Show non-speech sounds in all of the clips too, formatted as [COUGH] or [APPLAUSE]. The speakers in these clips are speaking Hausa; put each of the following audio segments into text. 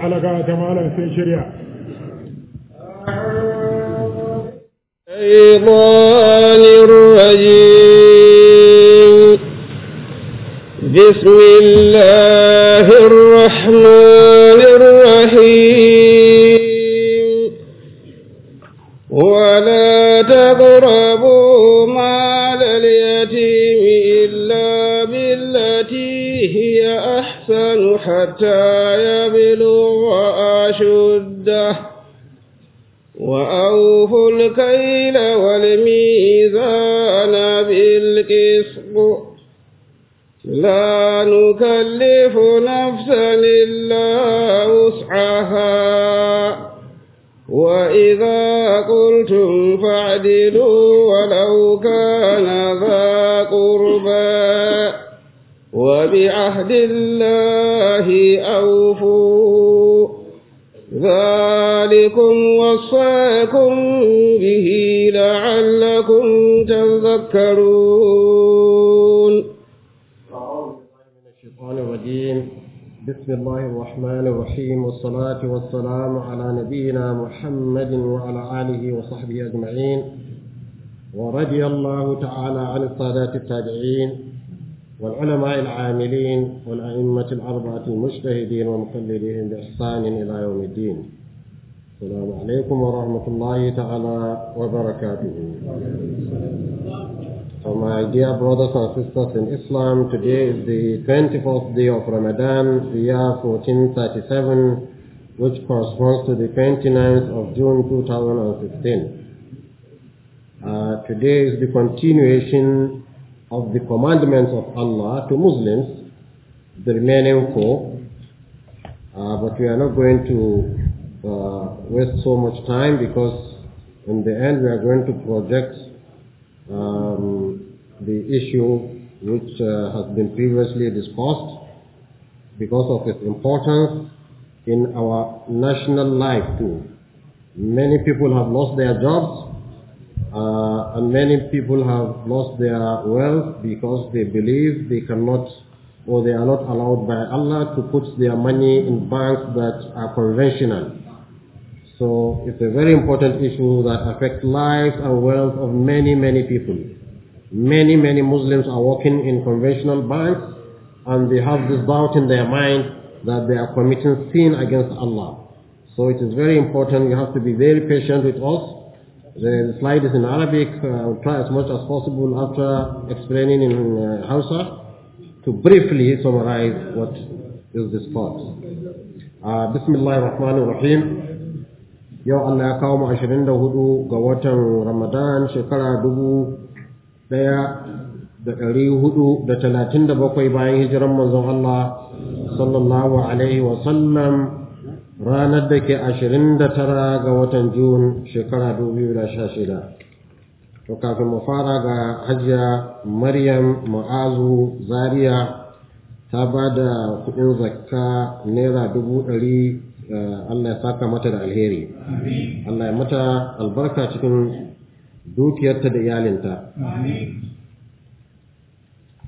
على அழகாக في شريعة أيضان الرجيم بسم الله الرحمن الرحيم حتى يبلغ أشده وأوفوا الكيل والميزان بالقسط لا نكلف نفسا إلا وسعها وإذا قلتم فاعدلوا ولو كان ذا وبعهد الله أوفوا ذلكم وصاكم به لعلكم تذكرون بسم الله الرحمن الرحيم والصلاة والسلام على نبينا محمد وعلى آله وصحبه أجمعين ورضي الله تعالى عن الصادات التابعين والعلماء العاملين والأئمة الأربعة المجتهدين ومقللين بإحسان إلى يوم الدين السلام عليكم ورحمة الله تعالى وبركاته So my dear brothers and sisters in Islam, today is the 24th day of Ramadan, the year 1437, which corresponds to the 29th of June 2016. Uh, today is the continuation of the commandments of Allah to Muslims, the remaining four. Uh, but we are not going to uh, waste so much time because in the end we are going to project um, the issue which uh, has been previously discussed because of its importance in our national life too. Many people have lost their jobs uh, and many people have lost their wealth because they believe they cannot or they are not allowed by Allah to put their money in banks that are conventional. So it's a very important issue that affects lives and wealth of many, many people. Many, many Muslims are working in conventional banks and they have this doubt in their mind that they are committing sin against Allah. So it is very important you have to be very patient with us The slide is in Arabic, so uh, I will try as much as possible after explaining in uh, Hausa to briefly summarize what is this part. Uh, Bismillah ar-Rahman ar-Rahim. Yau Allah ya kawo mu hudu ga watan Ramadan shekara dubu daya da ɗari hudu da talatin da bakwai bayan hijiran manzon Allah sallallahu alaihi wa sallam ranar da ke ashirin da tara ga watan Jun shekara shida, To kafin mu fara ga hajiya Maryam Ma'azu Zariya, ta ba da kuɗin zakka naira dubu ɗari eh, Allah ya saka mata da alheri. Allah ya mata albarka cikin dukiyarta da iyalinta.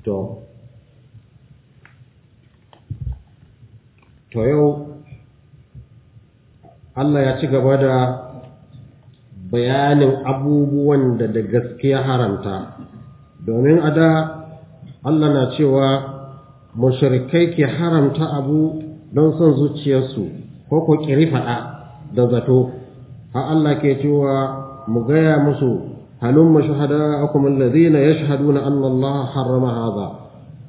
to yau Allah ya ci gaba da bayanin abubuwan da da gaskiya haramta domin a da Allah na cewa mushrikai ke haramta abu don son zuciyarsu ko ku ƙiri faɗa da zato ha Allah ke cewa mu gaya musu halumma akum alladhina yashhaduna anna Allah harrama hadha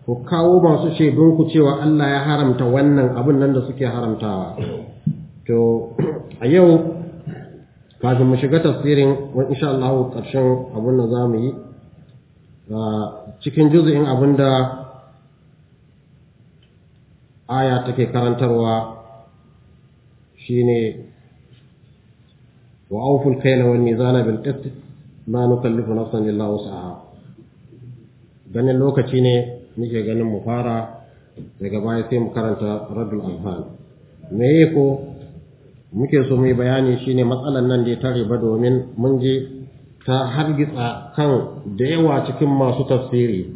ku kawo masu ku cewa Allah ya haramta wannan abun nan da suke haramtawa to a yau kafin mu shiga tafsirin wani insha Allah ƙarshen abin da za mu yi cikin juzu'in abin da aya take karantarwa shine wa auful kaila wani mizana bil qist ma nukallifu nafsan illa wus'aha ganin lokaci ne nike ganin mu fara daga baya sai mu karanta radul alhan me ko muke so mu bayani shine matsalan nan da ta riba domin mun je ta hargitsa kan da yawa cikin masu tafsiri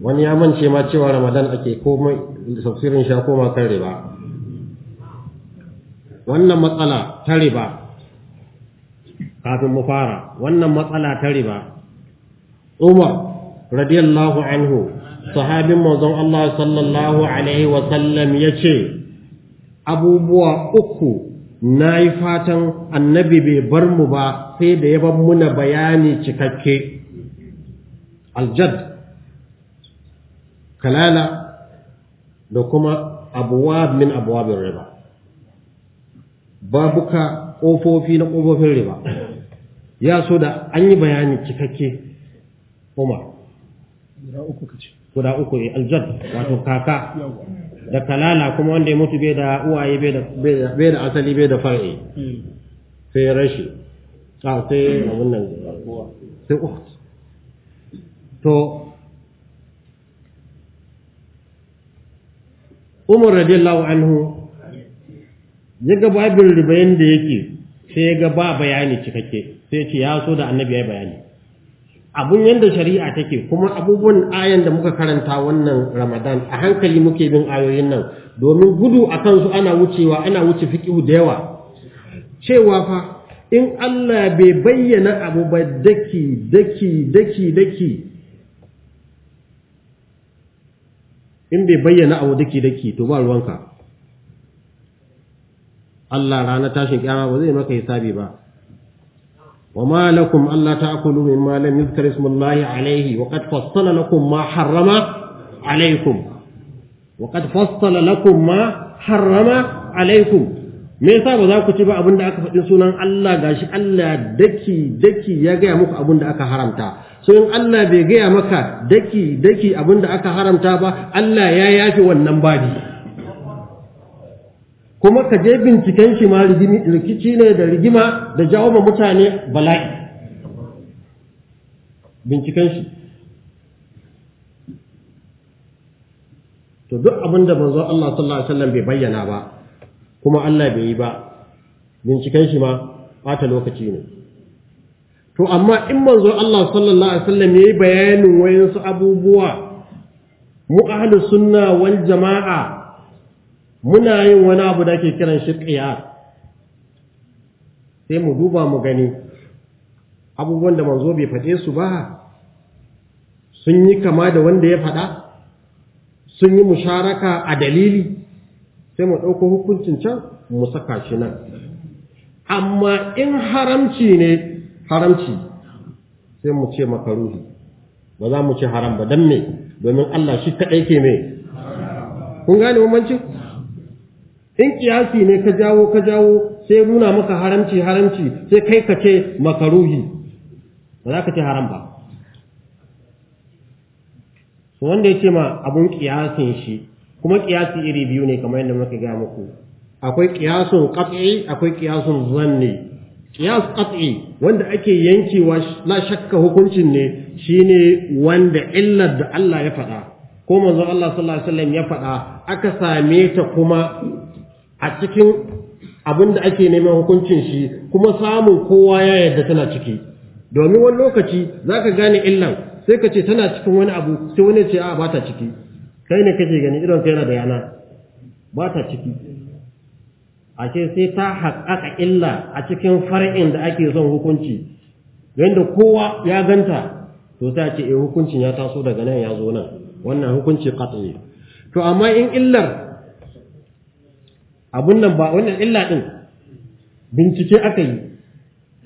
wani ya mance ma cewa ramadan ake komai tafsirin sha koma kan riba wannan matsala ta riba kafin mu fara wannan matsala ta riba umar radiyallahu anhu sahabin manzon Allah sallallahu alaihi wa sallam yace abubuwa uku na yi fatan annabi bai bar mu ba sai da ya ban muna bayani cikakke aljad kalala da kuma abuwa min abuwa bin riba babuka ƙofofi na ƙofofin riba ya so da an yi bayani cikakke umar guda uku eh, aljad wato kaka da kalala kuma wanda ya mutu bai da uwaye bai da asali bai da far'i hmm. sai rashi a ah, sai abin nan sai uht to umar radiyallahu anhu ya ga babin ribayen da yake sai ya ga ba bayani cikakke sai ce ya so da annabi ya bayani abun yadda shari'a take kuma abubuwan ayan da muka karanta wannan ramadan a hankali muke bin ayoyin nan domin gudu a kansu ana wucewa ana wuce fiƙihu da yawa cewa fa in Allah bai bayyana abu ba daki daki daki daki in bai bayyana abu daki daki to ba ruwanka Allah rana tashin kyama ba zai maka hisabi ba وما لكم ألا تأكلوا مما لم يذكر اسم الله عليه وقد فصل لكم ما حرم عليكم وقد فصل لكم ما حرم عليكم me yasa ba za ku ci ba abin da aka faɗi sunan Allah gashi Allah daki daki ya gaya muku abin da aka haramta so in Allah bai gaya maka daki daki abin da aka haramta ba Allah ya yafi wannan babi kuma ka je binciken shi ma rikici ne da rigima da jawo ma mutane bala'i binciken shi to duk abin da manzo Allah sallallahu alaihi wasallam bai bayyana ba kuma Allah bai yi ba binciken shi ma bata lokaci ne to amma in manzo Allah sallallahu alaihi wasallam yayi bayanin wayansu abubuwa mu ahlus sunna wal jama'a muna yin wani abu da ake kiran shi sai mu duba mu gani abubuwan da manzo bai faɗe su ba sun yi kama da wanda ya faɗa sun yi musharaka a dalili sai mu ɗauko hukuncin can mu saka shi nan amma in haramci ne haramci sai mu ce makaruhi ba za mu ce haram ba don me domin Allah shi kaɗai ke me kun gane bambancin in kiyasi ne ka jawo ka jawo sai nuna maka haramci haramci sai kai ka ce makaruhi ba za ka ce haram ba wanda ya ce ma abun kiyasin shi kuma kiyasi iri biyu ne kamar yadda muka ga muku akwai kiyasun qat'i akwai kiyasun zanni kiyas qat'i wanda ake yankewa la shakka hukuncin ne shine wanda illar da Allah ya faɗa ko manzo Allah sallallahu alaihi wasallam ya faɗa aka same ta kuma a cikin abin da ake neman hukuncin shi kuma samun kowa ya yarda tana ciki domin wani lokaci za ka gane illan sai ka ce tana cikin wani abu sai wani ce a ba ta ciki kai ne kake gani idon kai yana da yana ba ta ciki ce sai ta haƙaƙa illa a cikin far'in da ake son hukunci yadda kowa ya ganta to sai a ce eh hukuncin ya taso daga nan ya zo nan wannan hukunci qat'i to amma in illar abun nan ba wannan illa din bincike aka yi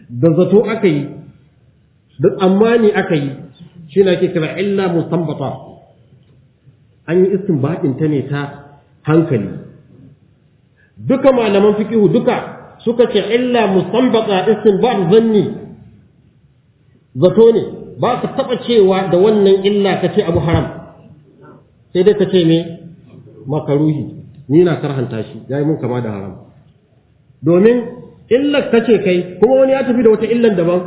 da zato aka yi da tsammani aka yi shi na ke kira illa musambata an yi baƙin ta ne ta hankali duka malaman fikihu duka suka ce illa musambata istinbat zanni zato ne ba ka taɓa cewa da wannan illa ka ce abu haram sai dai ka ce me makaruhi ni na karhanta shi yayi mun kama da haram domin illar kace kai kuma wani ya tafi da wata illan daban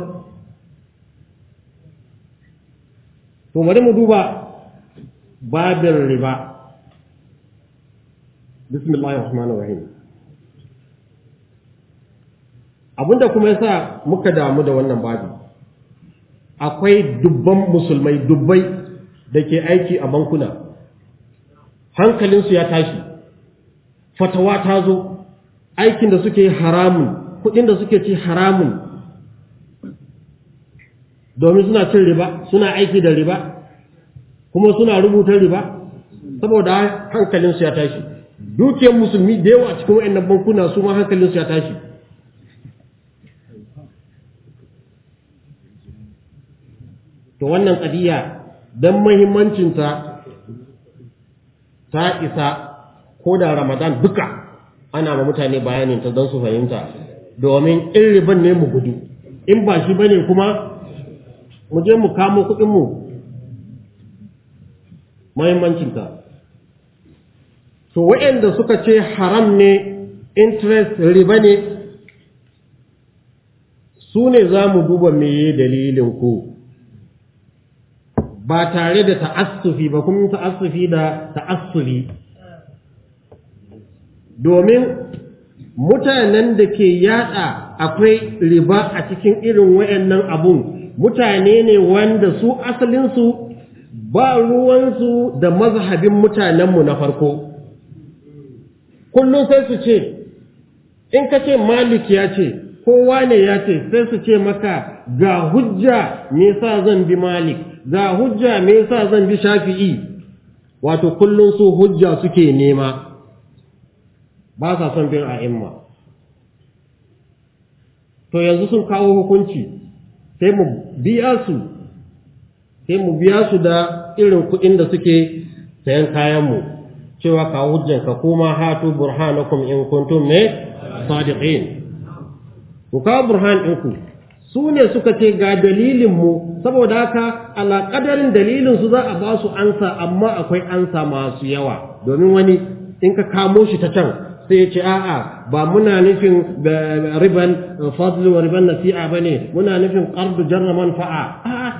to bari mu duba babin riba bismillahir rahmanir rahim abinda kuma yasa muka damu da wannan babi akwai dubban musulmai dubbai da ke aiki a bankuna hankalinsu ya tashi fatawa ta zo aikin da suke haramun kudin da suke ci haramun domin suna cin riba suna aiki da riba kuma suna rubuta riba saboda hankalinsu ya tashi dukiyar musulmi da yawa cikin wa'annan bankuna su ma hankalinsu ya tashi to wannan ƙadiyya don mahimmancinta ta isa ko da ramadan duka ana ma mutane bayanin ta don su fahimta domin in riban ne mu gudu in ba shi bane kuma mu je mu kamo kuɗin mu muhimmancin ta to waɗanda suka ce haram ne interest riba ne su ne za mu duba meye dalilin ku ba tare da ta'assufi ba kun ta'assufi da ta'assuli domin mutanen da ke yada akwai riba a cikin irin wayannan abun mutane ne wanda su asalinsu ba ruwansu da mazhabin mutanenmu na farko kullum sai su ce in ka ce malik ya ce kowa ne ya ce sai su ce maka ga hujja me yasa zan bi malik ga hujja me yasa zan bi shafi'i wato kullum su hujja suke nema ba sa son bin a'imma to yanzu sun kawo hukunci sai mu biya su sai mu biya su da irin kuɗin da suke sayan kayanmu cewa ka hujjanka kuma hatu burhanakum in kuntum me sadiqin ku kawo burhan ku su ne suka ce ga dalilinmu saboda haka dalilin dalilinsu za a ba su ansa amma akwai ansa masu yawa domin wani in ka kamo shi ta can sai ya ce a'a ba muna nufin eh, riban fadlu wa riban nasi'a bane muna nufin qardu jarra manfa'a a'a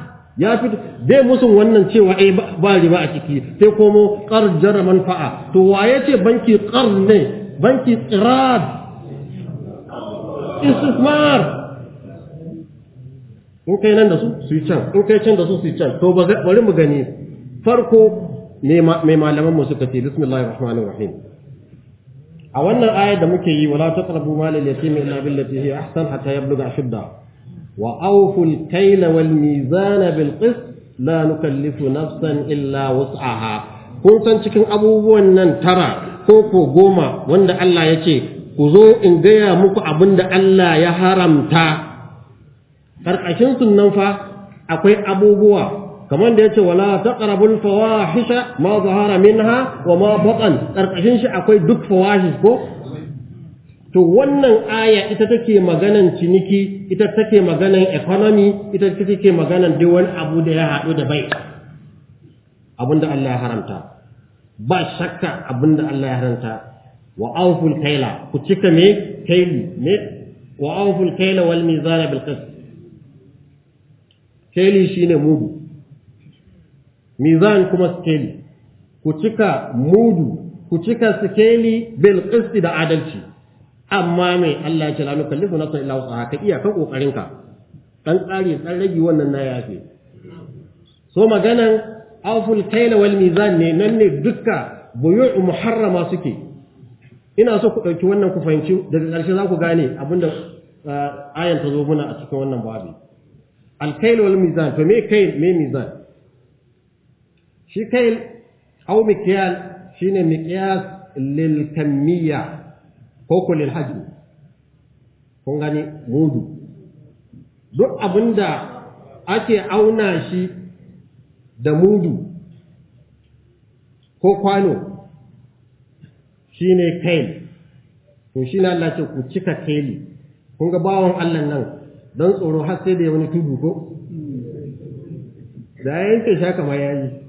ya fi dai musun wannan cewa eh ba riba a ciki sai komo ƙar jarra manfa'a to waye ce banki ƙar ne banki tsirad istismar in kai nan da su su yi can in kai can da su su yi can to bari mu gani farko mai malaman mu suka ce bismillahir rahmanir rahim a wannan ayar da muke yi wala taqrabu mal al-yatim illa billati hi ahsan hatta yablugha shidda. wa awfu al-kayla wal mizana bil qist la nukallifu nafsan illa wus'aha kun san cikin abubuwan nan tara ko ko goma wanda Allah ya ce ku zo in gaya muku abinda da Allah ya haramta karkashin sunan fa akwai abubuwa kamar da yace wala taqrabul fawahisha ma zahara minha wa ma batan karkashin shi akwai duk fawahish ko to wannan aya ita take maganan ciniki ita take maganan economy ita take maganan duk wani abu da ya haɗu da bai abinda Allah ya haramta ba shakka abinda Allah ya haramta wa awful kaila ku cika me kaili me wa awful kaila wal mizana bil qist kaili shine mudu mizan kuma skeli ku cika mudu ku cika skeli bil qisti da adalci amma mai Allah ya ce kallifu nukallifu illa wusaha ka iya ka kokarin ka dan tsari dan rage wannan na yafe so maganan awful kayla wal mizan ne nan ne dukka buyu'u muharrama suke ina so ku dauki wannan ku fahimci daga ƙarshe za ku gane abinda uh, ayan ta zo muna a cikin wannan babu al kayla wal mizan to me kayl me mizan shi kai au miqyal shine miqyas lil kamiyya ko ko lil hajm kun gani mudu duk abinda ake auna shi da mudu ko kwano shine kai to shi na Allah ku cika kai kun ga bawon Allah nan don tsoro har sai da ya wani tudu ko da yanke shaka mai yayi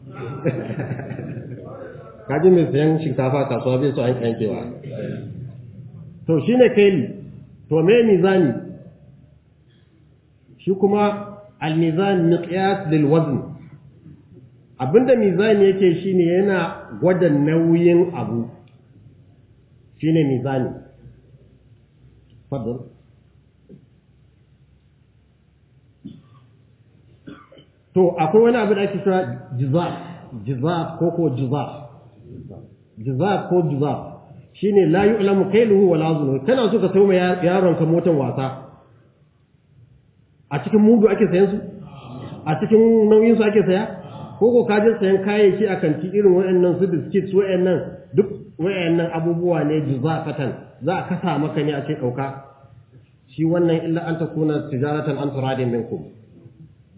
[LAUGHS] kaji mai sayan shinkafa kasuwa bai so an yankewa to shi ne kai to me mizani shi kuma al-mizan miqyas lil wazn abinda mizani yake shine yana gwada nauyin abu shine mizani fadl to akwai wani abu da ake cewa jiza jizaf ko ko jizaf jizaf ko jizaf shine la yu'lamu kailuhu wala zunu kana so ka sayo yaron ka motan wasa a cikin mudu ake sayan su a cikin nauyin su ake saya ko ko kaje sayan kayayyaki a kanti irin waɗannan su biscuits waɗannan duk wayannan abubuwa ne jizafatan za a kasa maka ne a ce ɗauka shi wannan illa an takuna tijaratan an turadin minkum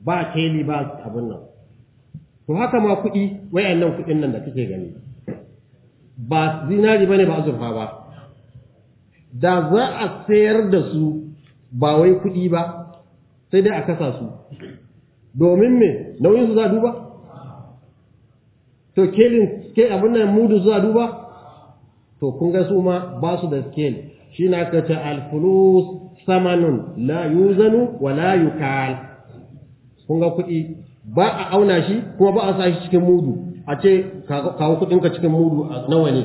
ba keli ba abun nan to haka ma kuɗi nan kuɗin nan da kake gani ba zinari bane ba azurfa ba da za a sayar da su ba wai kuɗi ba sai dai a kasa su domin me nauyin su za duba to kelin ke abin nan mudu za a duba to kun ga su ma ba su da scale shi na ka ce alfulus samanun la yuzanu wa la yukal kun ga kuɗi ba a auna shi kuma ba a sa shi cikin mudu a ce kawo kudinka cikin mudu a nawa ne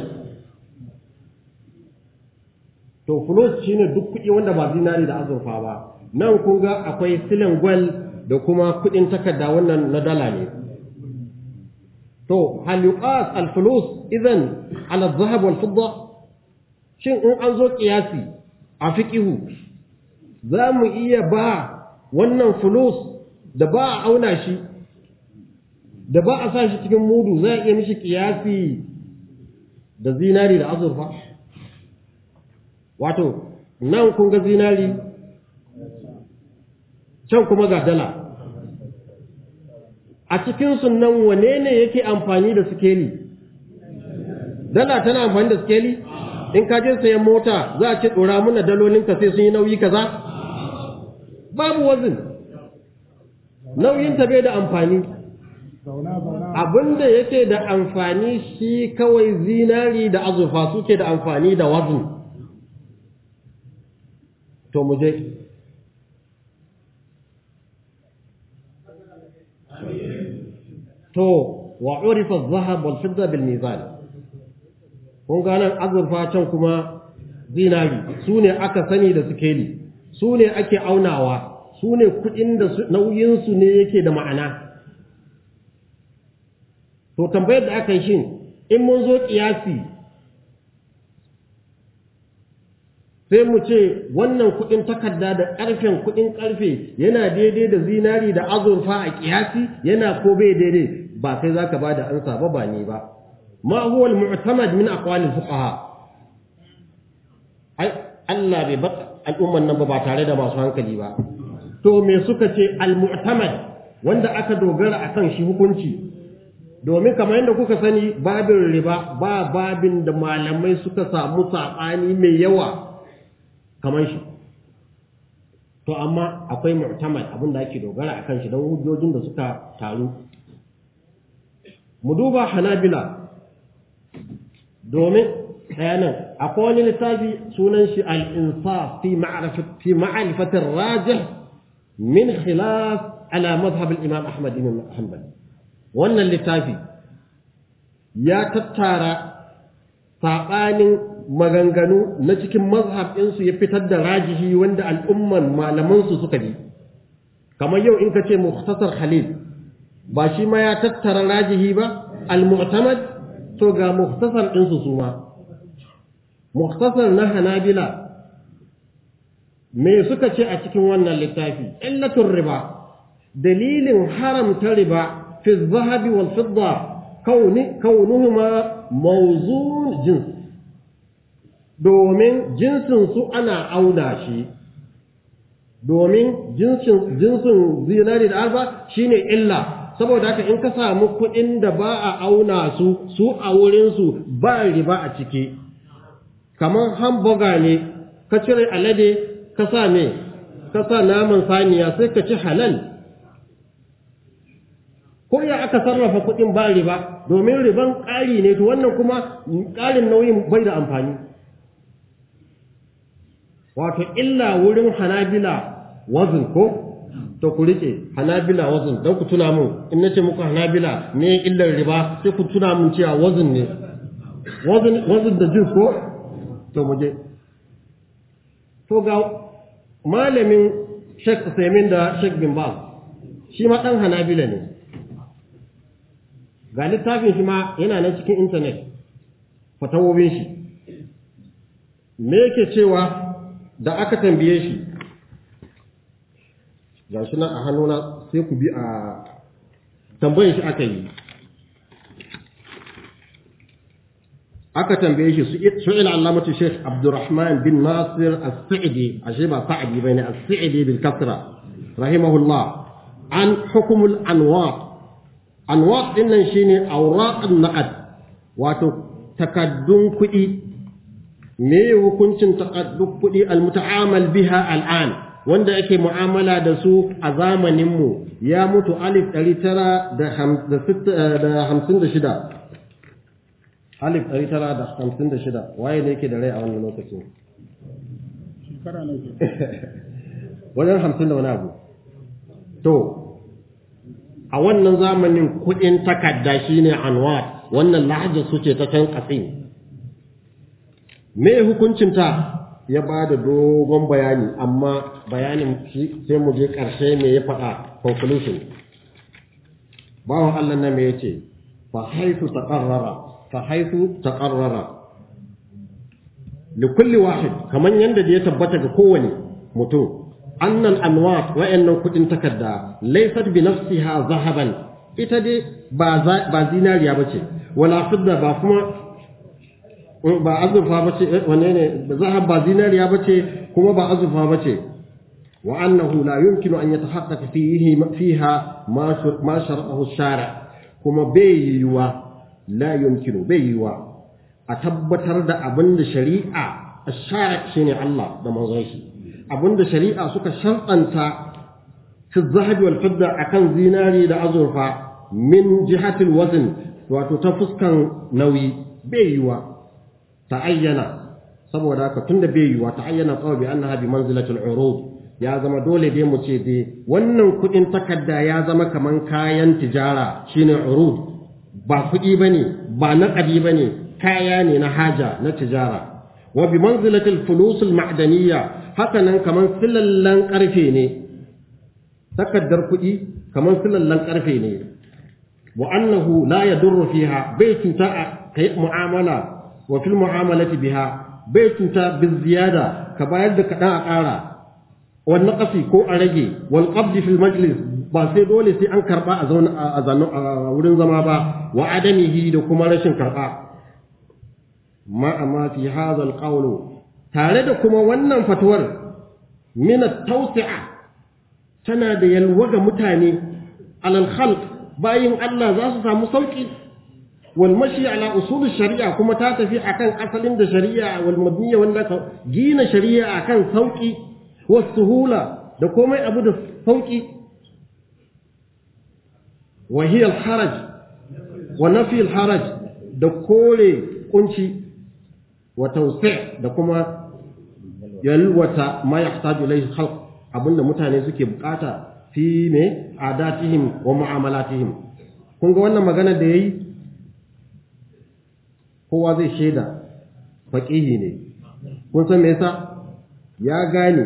to shi ne duk kuɗi wanda ba zinari da azurfa ba nan kun ga akwai silin gwal da kuma kuɗin takarda wannan na dala ne to hal yuqas al idan ala dhahab wal fidda shin in an zo kiyasi a fiqihu za mu iya ba wannan flus da ba a auna shi da ba a sa shi cikin mudu za a iya mishi kiyasi da zinari da azurfa wato nan kun ga zinari can kuma ga dala a cikin sunan wane ne yake amfani da sikeli dala tana amfani da sikeli in ka je sayan mota za a ce tsora mana ka sai sun yi nauyi kaza babu wazin nauyin ta bai da amfani abin da yake da amfani shi kawai zinari da azurfa suke da amfani da wazin to mu je to wa urifa zahab wal fidda bil mizan kun ga nan azurfa can kuma zinari su ne aka sani da sikeli su ne ake aunawa su ne kuɗin da nauyinsu ne yake da ma'ana to tambayar da aka yi shin in mun zo kiyasi sai mu ce wannan kuɗin takarda da ƙarfen kuɗin ƙarfe yana daidai da zinari da azurfa a kiyasi yana ko bai daidai ba kai ka ba da ansa ba ba ne ba ma huwa al-mu'tamad min aqwali fuqaha ai Allah bai baka al'umman nan ba tare da masu hankali ba to me suka ce al-mu'tamad wanda aka dogara akan shi hukunci domin kamar yadda kuka sani babin riba ba babin da malamai suka samu saɓani mai yawa kamar shi to amma akwai mu'tamad abin da ake dogara akan shi don hujjojin da suka taru mu duba hanabila domin bayanan akwai wani littafi sunan shi al-insaf fi ma'rifat fi min khilaf ala madhhab al-imam ahmad ibn hanbal wannan littafi ya tattara saɓanin maganganu na cikin mazhab ɗinsu ya fitar da rajihi wanda al'umman malamansu suka bi kamar yau in ka ce muhtasar halil ba shi ma ya tattara rajihi ba al-mu'tamad to ga muktasar ɗinsu su ma muktasar na hanabila me suka ce a cikin wannan littafi illatun riba dalilin haramta riba في الذهب والفضة كون كونهما موزون جنس domin jinsinsu ana auna shi domin jinsin zinari da شيني shine illa saboda haka in ka samu kuɗin da ba a auna su su a wurinsu ba riba a ciki kamar hamburger ne ka cire alade ka sa me ka sa naman saniya sai ka ci halal ko ya aka sarrafa kuɗin ba riba domin riban ƙari ne to wannan kuma ƙarin nauyin bai da amfani wato illa wurin hanabila wazin ko to ku riƙe hanabila wazin don ku tuna mun in nace muku hanabila me illar riba sai ku tuna mun cewa wazin ne wazin da jin ko to muje? to ga malamin shek Usaimin da shek bin ba shi ma dan hanabila ne ga littafin shi ma yana nan cikin intanet fatawobin shi me yake cewa da aka tambaye shi ga shi nan a hannuna sai ku bi a tambayin shi aka yi aka tambaye shi su'il allamatu shekh abdurrahman bin nasir al saidi ashe ba sa'idi bane as-sa'idi bil kasra rahimahullah an hukumul anwar alwaq din nan shine awraqun naqd wato takaddun kuɗi me hukuncin takaddun kuɗi almuta'amal biha al'an wanda ake mu'amala da su a zamanin mu ya mutu alif 956 eh, alif 956 waye ne yake da rai a wannan lokacin shekara ne [LAUGHS] wajen 50 da wani abu to a wannan zamanin kuɗin takarda shine anwar wannan lahaja su ce ta can kasi. me hukuncinta ya ba da dogon bayani amma bayanin sai mu je ƙarshe me ya faɗa conclusion bawan Allah na me yace fa haitu taqarrara fa haitu taqarrara li kulli wahid kaman yanda da ya tabbata ga kowane mutum annal anwat wa'annan kudin takarda laysat bi nafsiha zahaban ita dai ba ba zinariya bace wala fidda ba kuma eh, ba azurfa bace eh, ne zahab ba zinariya bace kuma ba bace wa annahu la yumkinu an yatahaqqaqa fihi fiha ma shar'ahu shara kuma bai yiwa la yumkinu bai yiwa a tabbatar da abin da shari'a ash-shara' shine Allah da manzon shi abinda shari'a suka sharɗanta fi zahabi wal fidda akan zinari da azurfa min jihatil wazn wato ta fuskan nauyi bai yiwa ta ayyana saboda haka tunda bai yiwa ta ayyana tsawo bi annaha bi manzilatul urud ya zama dole dai mu ce dai wannan kuɗin takarda ya zama kaman kayan tijara shine urud ba kuɗi bane ba naqadi bane kaya ne na haja na tijara wa bi manzilatil fulusul ma'daniyya hakanan kamar silallan ƙarfe ne takaddar kuɗi kamar silallan karfe ne wa annahu la yadurru fiha bai cuta a kai mu'amala wa fil mu'amalati biha bai cuta bi ziyada ka bayar da kaɗan a ƙara wal naqsi ko a rage wal qabdi fil majlis ba sai dole sai an karba a zauna a wurin zama ba wa adamihi da kuma rashin karba ma amma fi hadha al qawlu tare da kuma wannan fatuwar mina tausi'a tana da yalwa ga mutane alal khalq bayin Allah za su samu sauki wal mashi ala usul sharia kuma ta tafi akan asalin da shari'a wal mabniya wanda ka gina shari'a akan sauki was suhula da komai abu da sauki wa hiya al haraj wa nafi al haraj da kore kunci wa tawsi' da kuma yalwata ma yahtaju ilayhi khalq abinda mutane suke bukata fi me adatihim wa mu'amalatihim kun ga wannan magana da yayi kowa zai shaida faqihi ne kun san me yasa ya gane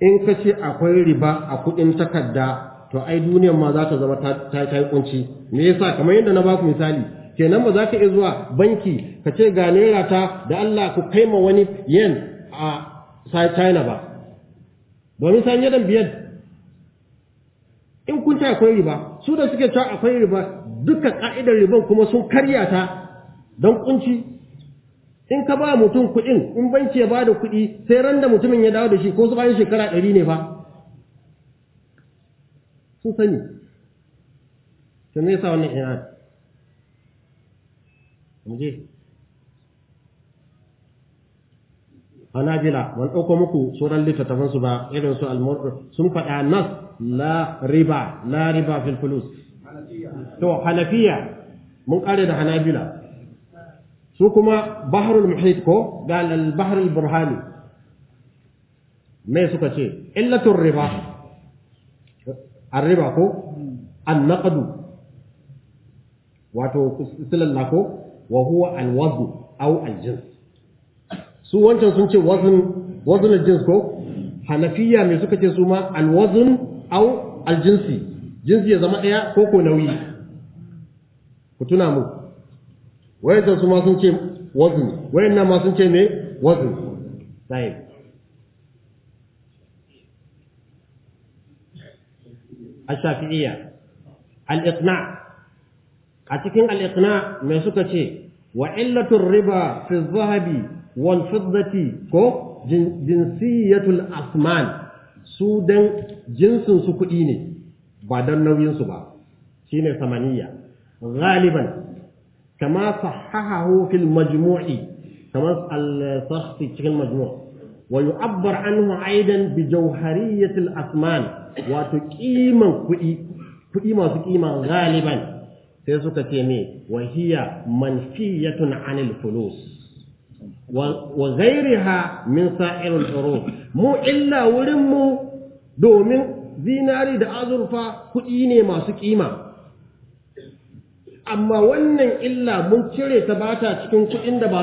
in ka ce akwai riba a kudin takarda to ai duniyar ma za ta zama ta ta kunci me yasa kamar yadda na baku misali kenan ba za ka iya zuwa banki ka ce ga naira ta da Allah ku kai ma wani yen a china ba domin sa yadan biyar in kun ce akwai riba su da suke cewa akwai riba duka ƙa'idar riban kuma sun karya ta don kunci in ka ba mutum kuɗin in banki ya ba da kuɗi sai ran da mutumin ya dawo da shi ko su bayan shekara ɗari ne ba sun sani sun nesa wannan ina Mujer. hanabila ban ɗauko muku sauran littattafan su ba irin su almur sun faɗa nas la riba la riba fil fulus to hanafiya mun ƙare da hanabila su kuma baharul muhit ko ga baharul burhani me suka ce illatul riba arriba ko annaqdu wato silalla ko wa huwa alwadu aw aljins su wancan sun ce wazn wazn jins ko hanafiya me suka ce su ma alwazn au aljinsi jinsi ya zama ɗaya ko ko nauyi ku tuna mu wayancan su ma sun ce wazn wayannan ma sun ce me wazn sai الشافعية الإقناع أتكين الإقناع ما سكتي وعلة الربا في الذهب والفضة كو جنسية الأثمان سودان جنس سكويني بعد النوي سبا شين ثمانية غالبا كما صححه في المجموع كما الصخصي في المجموع ويعبر عنه أيضا بجوهرية الأثمان وتقيم كوي كوي تقيم غالبا sai suka وهي منفية عن الفلوس wa ghairiha min sa'irul uruf mu illa wurin mu domin zinari da azurfa kuɗi ne masu kima amma wannan illa mun cire ta bata cikin kuɗin da ba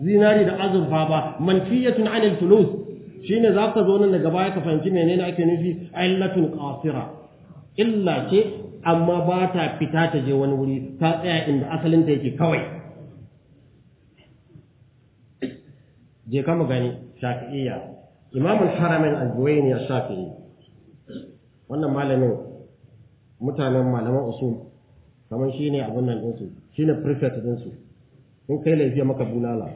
zinari da azurfa ba manfiyatun anil fulus shine zaka zo nan daga baya ka fahimci menene ake nufi illatun ƙasira. illa ce amma ba ta fita ta je wani wuri ta tsaya inda asalinta yake kawai je kama gani shafi'iyya imamul haramin al ya shafi'i wannan malamin mutanen malaman usul kaman shine abun nan din su shine prefect din su in kai laifi maka bulala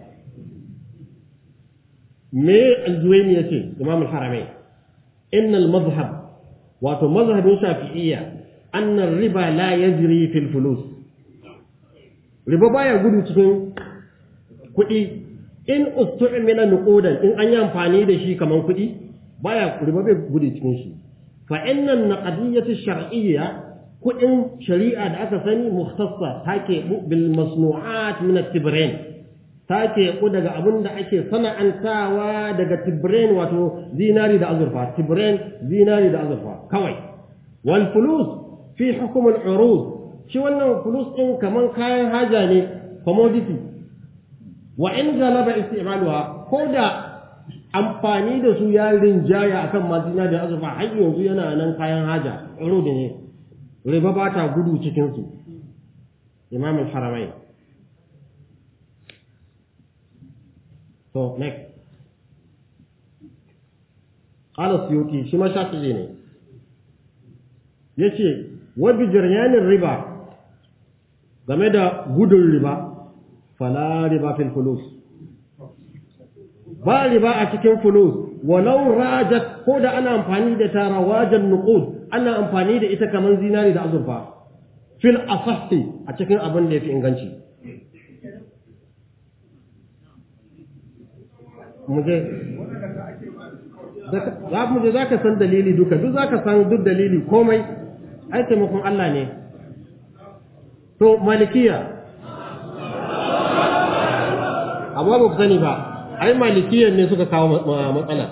me al-buwaini yace imamul haramin innal mazhab wato mazhabin shafi'iyya annar riba la yajri fil fulus riba baya gudu cikin kuɗi in ustu'mina nuqudan in an yi amfani da shi kaman kuɗi baya riba bai gudu cikin shi fa innan naqdiyatu shar'iyya kuɗin shari'a da aka sani mukhtassa ta keɓu bil masnu'at min at-tibrin ta keɓu daga abin da ake sana'antawa daga tibren wato zinari da azurfa tibren zinari da azurfa kawai wal fulus fi hukumin uruz shi wannan fulus ɗin kaman kayan haja ne commodity wa in galaba istimaluha ko da amfani da su ya rinjaya akan mazina da azurfa har yanzu yana nan kayan haja da ne riba ba ta gudu cikin su imam al-haramain so next qala suyuti shi ma shafi'i ne yace wa bi jiryanin riba game da gudun riba فلا riba في الفلوس ba riba a cikin fulus walau rajat ko da ana amfani da tara rawajan nuqud ana amfani da ita kamar zinari da azurfa fil asahhi a cikin abin da yafi inganci muje za mu je zaka san dalili duka duk zaka san duk dalili komai ai taimakon Allah ne to malikiya amma ba ku sani ba ai malikiyan ne suka kawo matsala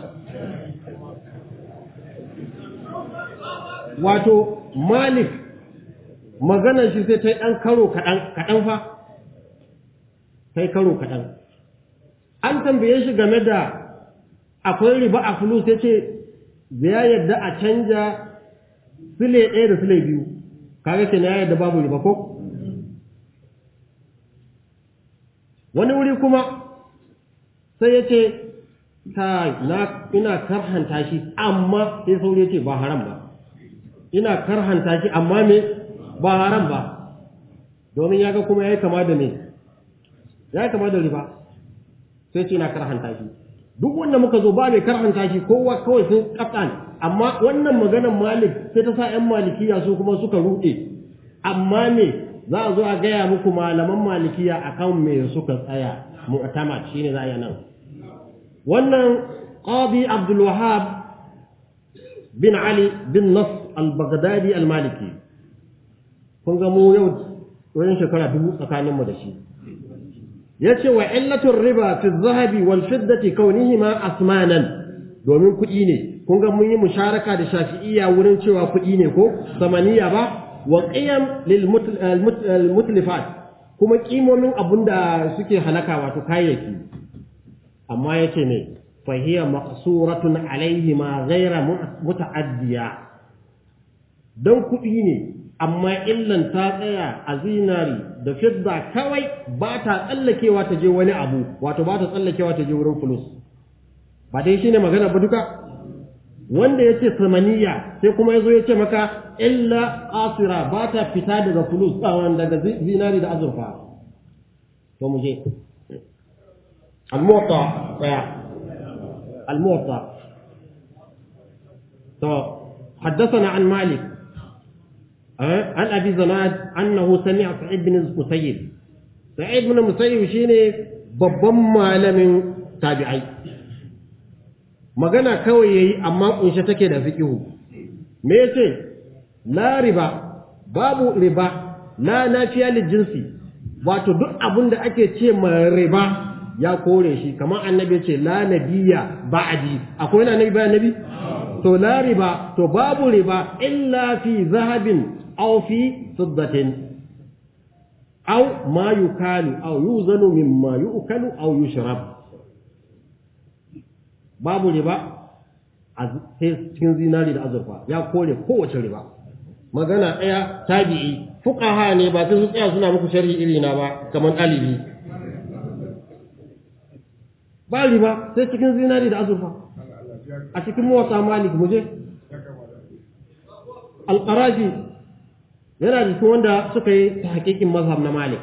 wato malik maganar shi sai ta yi ɗan karo kaɗan fa ta yi karo kaɗan an tambaye shi game da akwai riba a fulus ya ce ya yadda a canja sile ɗaya da sile biyu kaga ke na ya yadda babu riba ko wani wuri kuma sai ya ce ina karhanta shi amma sai sauri ya ce ba haram ba ina karhanta shi amma me ba haram ba domin ya ga kuma ya yi kama da me ya yi kama da riba sai ce ina karhanta shi duk wanda muka zo ba mai karhanta shi kowa kawai sun kakan amma wannan maganar malik sai ta sa 'yan malikiya su kuma suka ruɗe amma me. za a zo a gaya muku malaman malikiya akan me suka tsaya mu'tamad shine za a nan wannan qadi abdul wahab bin ali bin nas al-baghdadi al-maliki kun ga mu yau wajen shekara dubu tsakanin mu da shi yace wa illatul riba fi zahabi wal fiddati kaunihima asmanan domin kuɗi ne kun ga mun yi musharaka da shafi'iyya wurin cewa kuɗi ne ko samaniya ba wa qiyam lil mutlifat kuma kimomin abunda suke halaka wato kayayyaki amma yace ne fa hiya maqsuratun alayhi ma ghayra muta'addiya dan kuɗi ne amma illan ta tsaya a zinari da fidda kawai ba ta tsallakewa ta je wani abu wato ba ta tsallakewa ta je wurin fulus ba dai shine magana ba duka wanda yace ce samaniya sai kuma yazo yace maka illa asira ba ta fita daga fulus ba wanda daga zinari da azurfa to muje je al-muwatta al-muwatta to حدثنا an malik an abi zanad annahu sami'a sa'id bin musayyib sa'id bin musayyib shine babban malamin tabi'i magana kawai yayi amma kunshe take da fiqihu me yace la riba babu riba la nafiya lil jinsi wato duk abin da ake ce ma riba ya kore shi kamar annabi yace la nabiyya ba'di akwai na nabi ba nabi to la riba to babu riba illa fi zahabin aw fi fiddatin aw ma au aw yuzanu mimma yukalu aw yushrab babu riba a cikin zinari da azurfa ya kore kowace riba magana ɗaya ta tabi'i fuqaha ne ba sai su tsaya suna muku sharhi iri na ba kamar ɗalibi ba riba sai cikin zinari da azurfa a cikin mawasa malik muje alƙaraji yana da cikin wanda suka yi ta hakikin mazhab na malik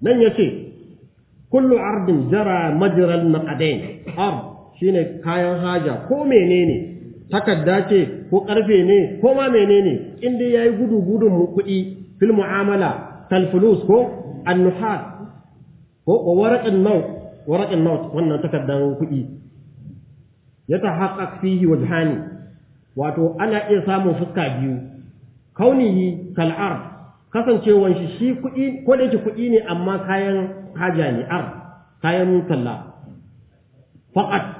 nan ya ce kullu ardin jara majiral naqadain ard shine kayan haja ko menene takarda ce ko karfe ne ko ma menene in dai yayi gudu gudun kuɗi fil mu'amala talfulus, fulus ko annuhat ko waraqan maut waraqan wannan takardan kuɗi yatahaqqaq fihi wajhani wato ana iya samun fuska biyu kaunihi kal ard kasancewan shi shi kuɗi ko da yake kuɗi ne amma kayan haja ne ar kayan talla. faqat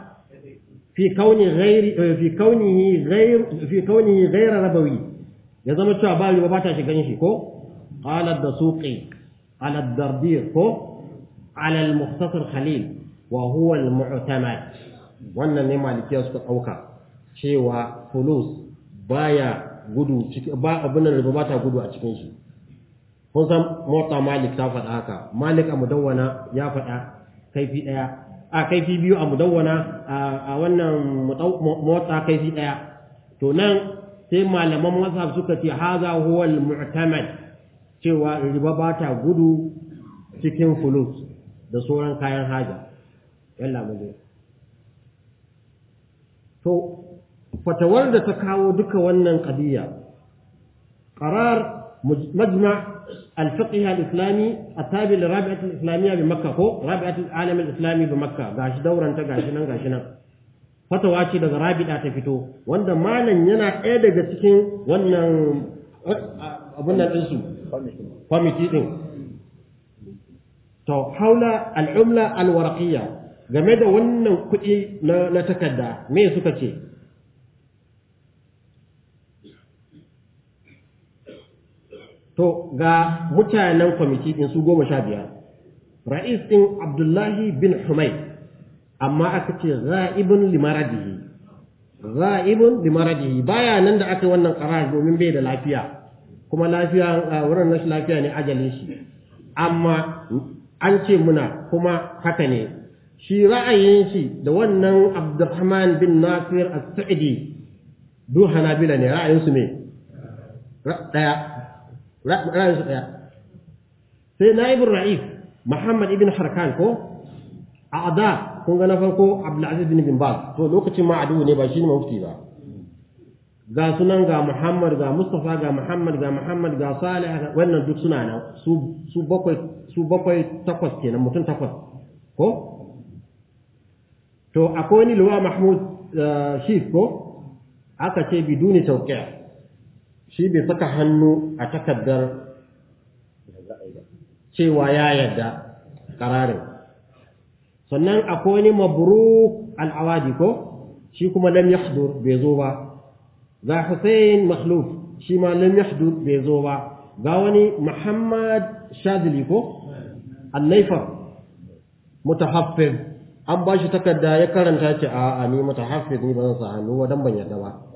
fi kauni ghairi fi kaunihi ghair fi kaunihi ya zama cewa ba riba ba ta shigan shi ko qala ad-dasuqi ala ko alal al halil khalil wa huwa al-mu'tamad wannan ne malikiya suka ɗauka cewa fulus baya gudu ba abin da riba ba gudu a cikin shi kun san mota malik ta faɗa haka malik a mudawwana ya faɗa kaifi ɗaya a kaifi biyu a mudawwana a wannan motsa kaifi ɗaya to nan sai malaman mazhab suka ce haza huwal mutamad cewa riba ba ta gudu cikin fulus da sauran kayan haja yalla mu to fatawar da ta kawo duka wannan qadiya qarar majma' الفقه الإسلامي التابع للرابعة الإسلامية بمكة هو رابعة العالم الإسلامي بمكة غاش دورا تغاشنا غاشنا fatawa ce daga Rabi'a ta fito wanda malam yana ɗaya daga cikin wannan abin nan ɗinsu kwamiti ɗin to haula al'umla alwarqiyya game da wannan kuɗi na takarda me suka ce to ga mutanen kwamiti ɗin su goma sha biyar ra'is ɗin abdullahi bin humay amma aka ce za'ibin limaradihi za’ibin limaradihi baya nan da aka yi wannan karar domin bai da lafiya kuma lafiya wurin nashi lafiya ne ajalin shi amma an ce muna kuma haka ne shi ra'ayin shi da wannan abdulrahman bin nasir as-sa'idi du bila ne ra'ayin su ne ɗaya ra'ayin su daya sai na'ibur ra'if muhammad ibn harkan ko a'da kun ga na farko abdulaziz bin bin baz to lokacin ma adu ne ba shine mufti ba ga sunan ga muhammad ga mustafa ga muhammad ga muhammad ga salih wannan duk suna na su su bakwai su bakwai takwas kenan mutum takwas ko to akwai ni luwa mahmud eh, shif ko aka ce biduni tawqi'a shi bai saka hannu a takardar cewa ya yarda ƙararin sannan akwai wani mabruk al'awadi ko shi kuma lam yahdur bai zo ba Za Hussein Makhluf shi ma lam yahdur bai zo ba ga wani Muhammad Shadili ko al mutahaffiz an ba shi takarda ya karanta ce a ni mutahaffiz ni ba zan sa hannu wadan ban yarda ba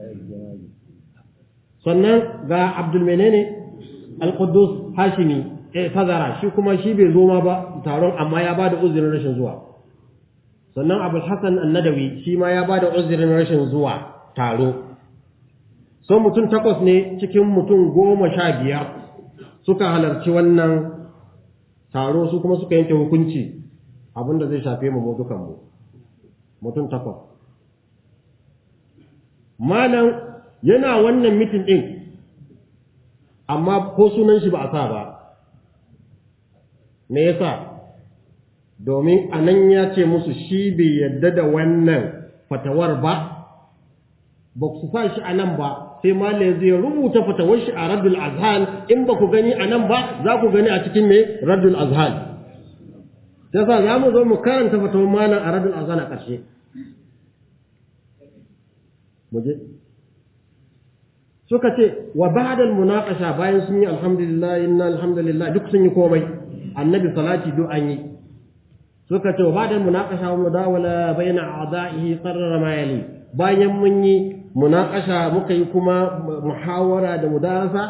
sannan ga abdul menene hashimi e eh, tazara shi kuma shi bai zo ma ba taron amma ya ba da uzurin rashin zuwa sannan abu hassan annadawi shi ma ya ba da uzurin rashin zuwa taro Sau mutum takwas ne cikin mutum goma sha biyar suka halarci wannan taro su kuma suka yanke hukunci da zai shafe mu dukanmu mutum takwas yana wannan mitin ɗin amma ko sunan shi ba a sa ba me yasa domin anan ya ce musu shi bai yadda da wannan fatawar ba ba su sa shi a nan ba sai malam zai rubuta fatawar shi a radul azhan in ba ku gani a nan ba za ku gani a cikin me radul azhan yasa za mu zo mu karanta fatawar malam a radul azhan a ƙarshe suka ce wa ba'dal munaqasha bayan sun yi alhamdulillah inna alhamdulillah duk sun yi komai annabi salati duk an yi suka ce wa ba'dal munaqasha wa mudawala baina a'da'ihi qarrara ma yali bayan mun yi munaqasha muka yi kuma muhawara da mudasa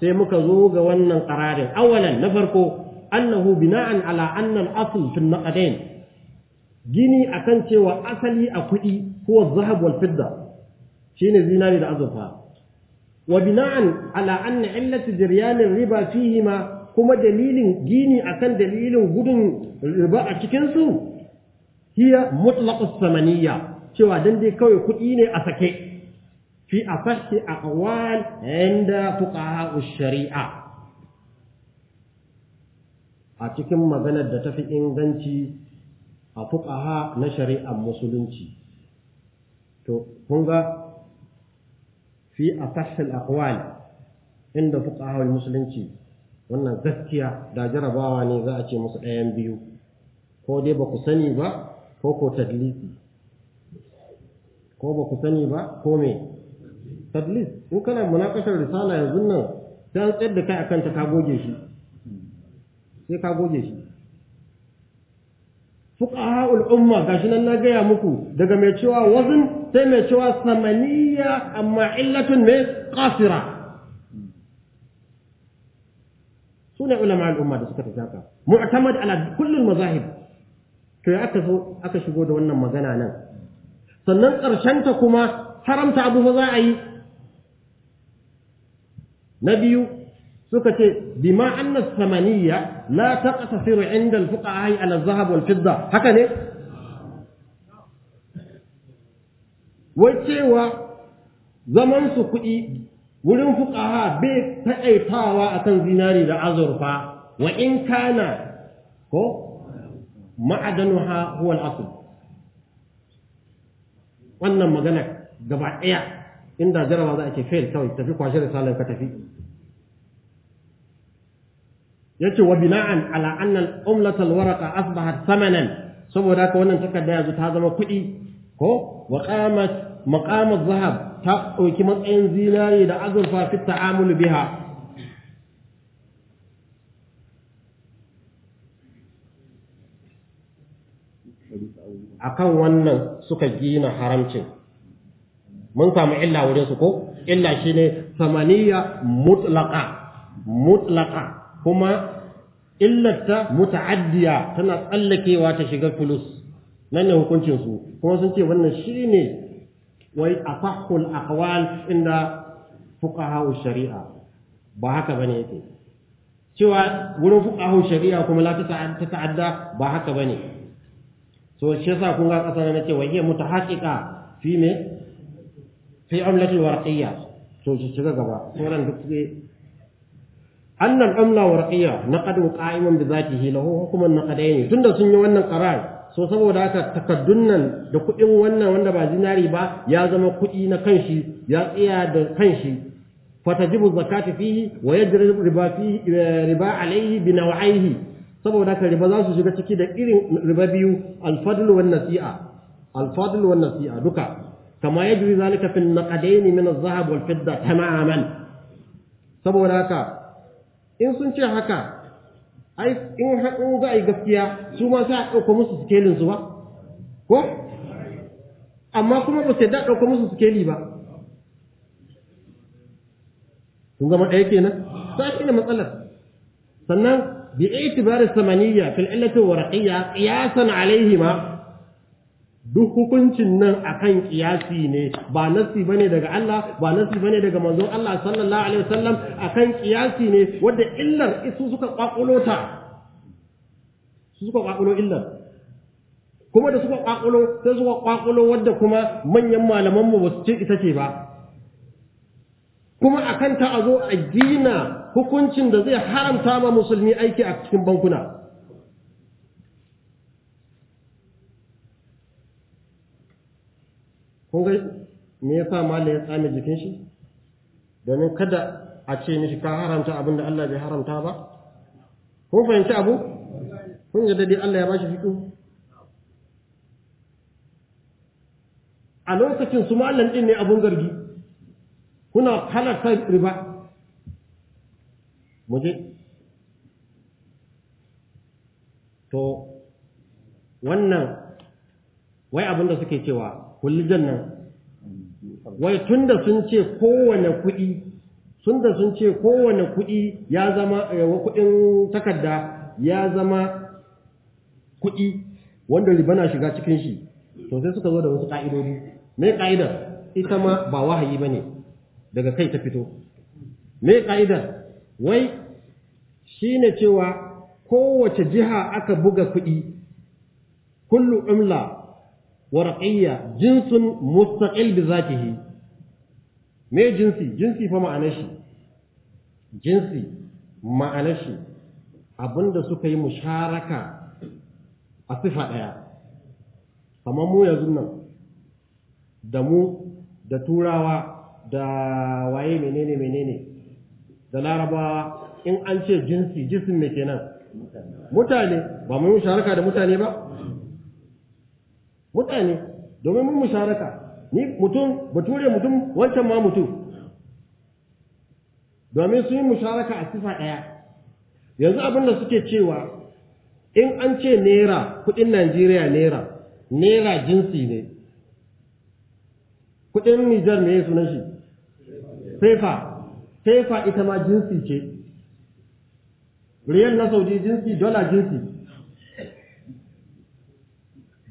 sai muka zo ga wannan qararin awalan na farko annahu bina'an ala anna al-asl fi an-naqdain gini akan cewa asali a kuɗi ko zahab wal fidda shine zinari da azurfa وبناء على أن علة جريان الربا فيهما كما دليل جيني أكن دليل غدن ربا أشكنسو هي مطلق الثمانية شو دن دي كوي كتيني أسكي في أفح أقوال عند فقهاء الشريعة أتكم مغنى دتفي إنغنتي أفقهاء نشري المسلمتي تو هنغا fi tashin akwai inda fuqaha musulunci wannan gaskiya da jarabawa ne za a ce musu ɗayan biyu ko dai ba ku sani ba ko ko tadlisi ko ba ku sani ba ko me tadlis in kana munakashar risala yanzu nan sai an tsayar da kai akan ta ka shi sai ka goge shi fuqaha umma gashi nan na gaya muku daga mai cewa wazin sai mai cewa samaniya amma illatun mai qasira sune ulama al'umma da suka tafi mu'tamad ala kullul mazahib to ya aka so aka shigo da wannan magana nan sannan ta kuma haramta abu fa za a yi na biyu suka ce bima anna samaniya la taqtasiru inda al ala adh wal fidda haka ne wai cewa zaman su kuɗi wurin fuqaha bai taƙaitawa akan zinari da azurfa wa in kana ko ma'adanuha huwa al-asl wannan magana gaba ɗaya inda jarawa za a ce fail kawai tafi kwashe risalar ka tafi yace wa bina'an ala anna al-umlatul waraqa asbahat thamanan saboda haka wannan takarda yanzu ta zama kuɗi ko wa qamat zahab ta ɗauki matsayin zinari da azurfa fi ta'amul biha akan wannan suka gina haramcin mun samu illa wurin su ko illa shine samaniya mutlaqa mutlaqa kuma illarta muta'addiya tana tsallakewa ta shiga fulus nan ne hukuncin su kuma sun ce wannan ne wai afahul aqwal inda fuqaha shari'a ba haka bane yake cewa wurin fuqaha shari'a kuma la ta ta'adda ba haka bane so shi yasa kun ga kasar na ce wai haƙiƙa fi me fi amlatul warqiyya So shi shiga gaba sauran duk أن العملة ورقية نقد قائما بذاته له حكم النقدين tunda sun yi wannan qarar so saboda haka takaddun nan da kuɗin wannan wanda ba zinari ba ya zama kuɗi na kanshi ya tsaya da kanshi fatajibu zakati fihi wa yajri riba fihi riba alayhi bi naw'aihi saboda haka riba za su shiga ciki da irin riba biyu al-fadl wan nasi'a al-fadl wan nasi'a duka kama yajri zalika fil naqdayn min adh-dhahab wal fidda tamaman saboda haka in sun ce haka in haɗin za a yi gaskiya su ma sai a ɗauko musu sikelin su ba ko amma kuma ba sai a ɗauko musu sikeli ba sun gama ɗaya kenan sa shi ne matsalar sannan bi itibari samaniya fil illati warqiyya alaihima duk hukuncin nan akan kiyasi ne ba nasi bane daga Allah ba nasi bane daga manzon Allah sallallahu alaihi wasallam akan kiyasi ne wanda illar isu suka kwakulo ta su suka kwakulo illar kuma da suka kwakulo sai suka kwakulo wanda kuma manyan malaman mu su ce ita ce ba kuma akan ta a zo a gina hukuncin da zai haramta ma musulmi aiki a cikin bankuna kun ga me yasa mala ya tsame jikin shi domin kada a ce mishi ka haramta abin da Allah bai haramta ba kun fahimci abu kun yadda dai Allah ya bashi fiƙo a lokacin su mallan ɗin ne abun gargi kuna halarta riba muje to wannan wai abin da suke cewa kullujan nan wai tunda sun ce kowane kuɗi da sun ce kowane kuɗi ya zama eh, kuɗin takarda ya zama kuɗi wanda riba na shiga cikin shi to sai suka zo da wasu ƙa'idodi me ƙa'idar ita ma ba wahayi ba ne, daga kai ta fito me ƙa'idar wai shine cewa kowace jiha aka buga kuɗi kullu umla warqiyya jinsun mustaqil bi zatihi me jinsi jinsi fa ma'anar shi jinsi ma'anar shi abinda suka yi musharaka a sifa ɗaya kamar mu yanzu nan da mu da turawa da waye menene menene da larabawa in an ce jinsi jinsin me kenan mutane ba mu yi musharaka da mutane ba mutane domin mun musharaka ni mutum bature mutum wancan ma mutum domin sun yi musharaka a sifa ɗaya yanzu abin da suke cewa in an ce naira kuɗin najeriya naira naira jinsi ne kuɗin nijar ne su shi fefa fefa ita ma jinsi ce riyal na saudi jinsi dola jinsi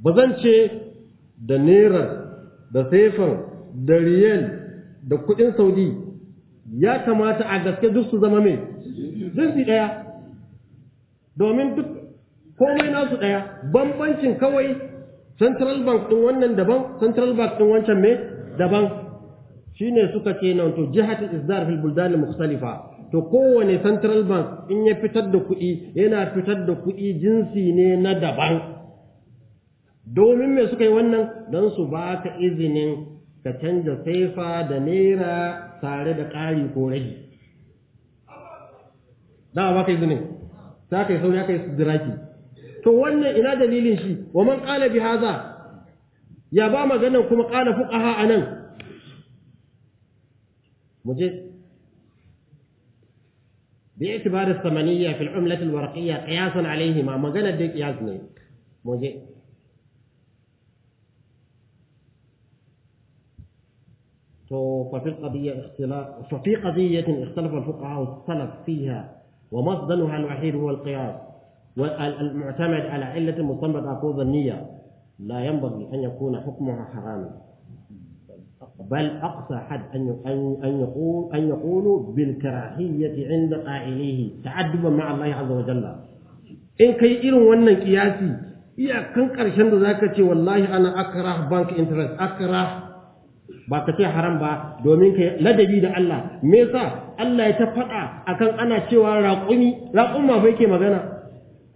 ba zan ce da naira da saifan da riyal da kudin saudi ya kamata a gaske duk su zama mai jinsi ɗaya domin duk komai nasu ɗaya bambancin kawai central bank ɗin wannan daban central bank ɗin wancan mai daban shine suka ce nan to jihatul isdar fil buldan mukhtalifa to kowane central bank in ya fitar da kuɗi yana fitar da kuɗi jinsi ne na daban domin me suka yi wannan don su ba ka izinin ka canza saifa da naira tare da ƙari ko rage da ba ka izinin ta kai sauri aka yi diraki to wannan ina dalilin shi wa man ƙala bi haza ya ba magana kuma qala a nan muje باعتبار الثمنية في العملة الورقية قياسا عليهما ما قالت ƙiyas ne muje ففي القضية اختلاف ففي قضية اختلف الفقهاء والسلف فيها ومصدرها الوحيد هو القياس والمعتمد على علة مصمد أو ظنية لا ينبغي أن يكون حكمها حراما بل أقصى حد أن أن يقول أن يقول بالكراهية عند قائليه تعدبا مع الله عز وجل إن كي إلو ون kiyasi يا كنكر da ذاك والله أنا أكره بنك bank أكره ba ka ce haram ba domin ka ladabi da Allah me yasa Allah ya tafaɗa faɗa akan ana cewa raqumi raqum ma fake magana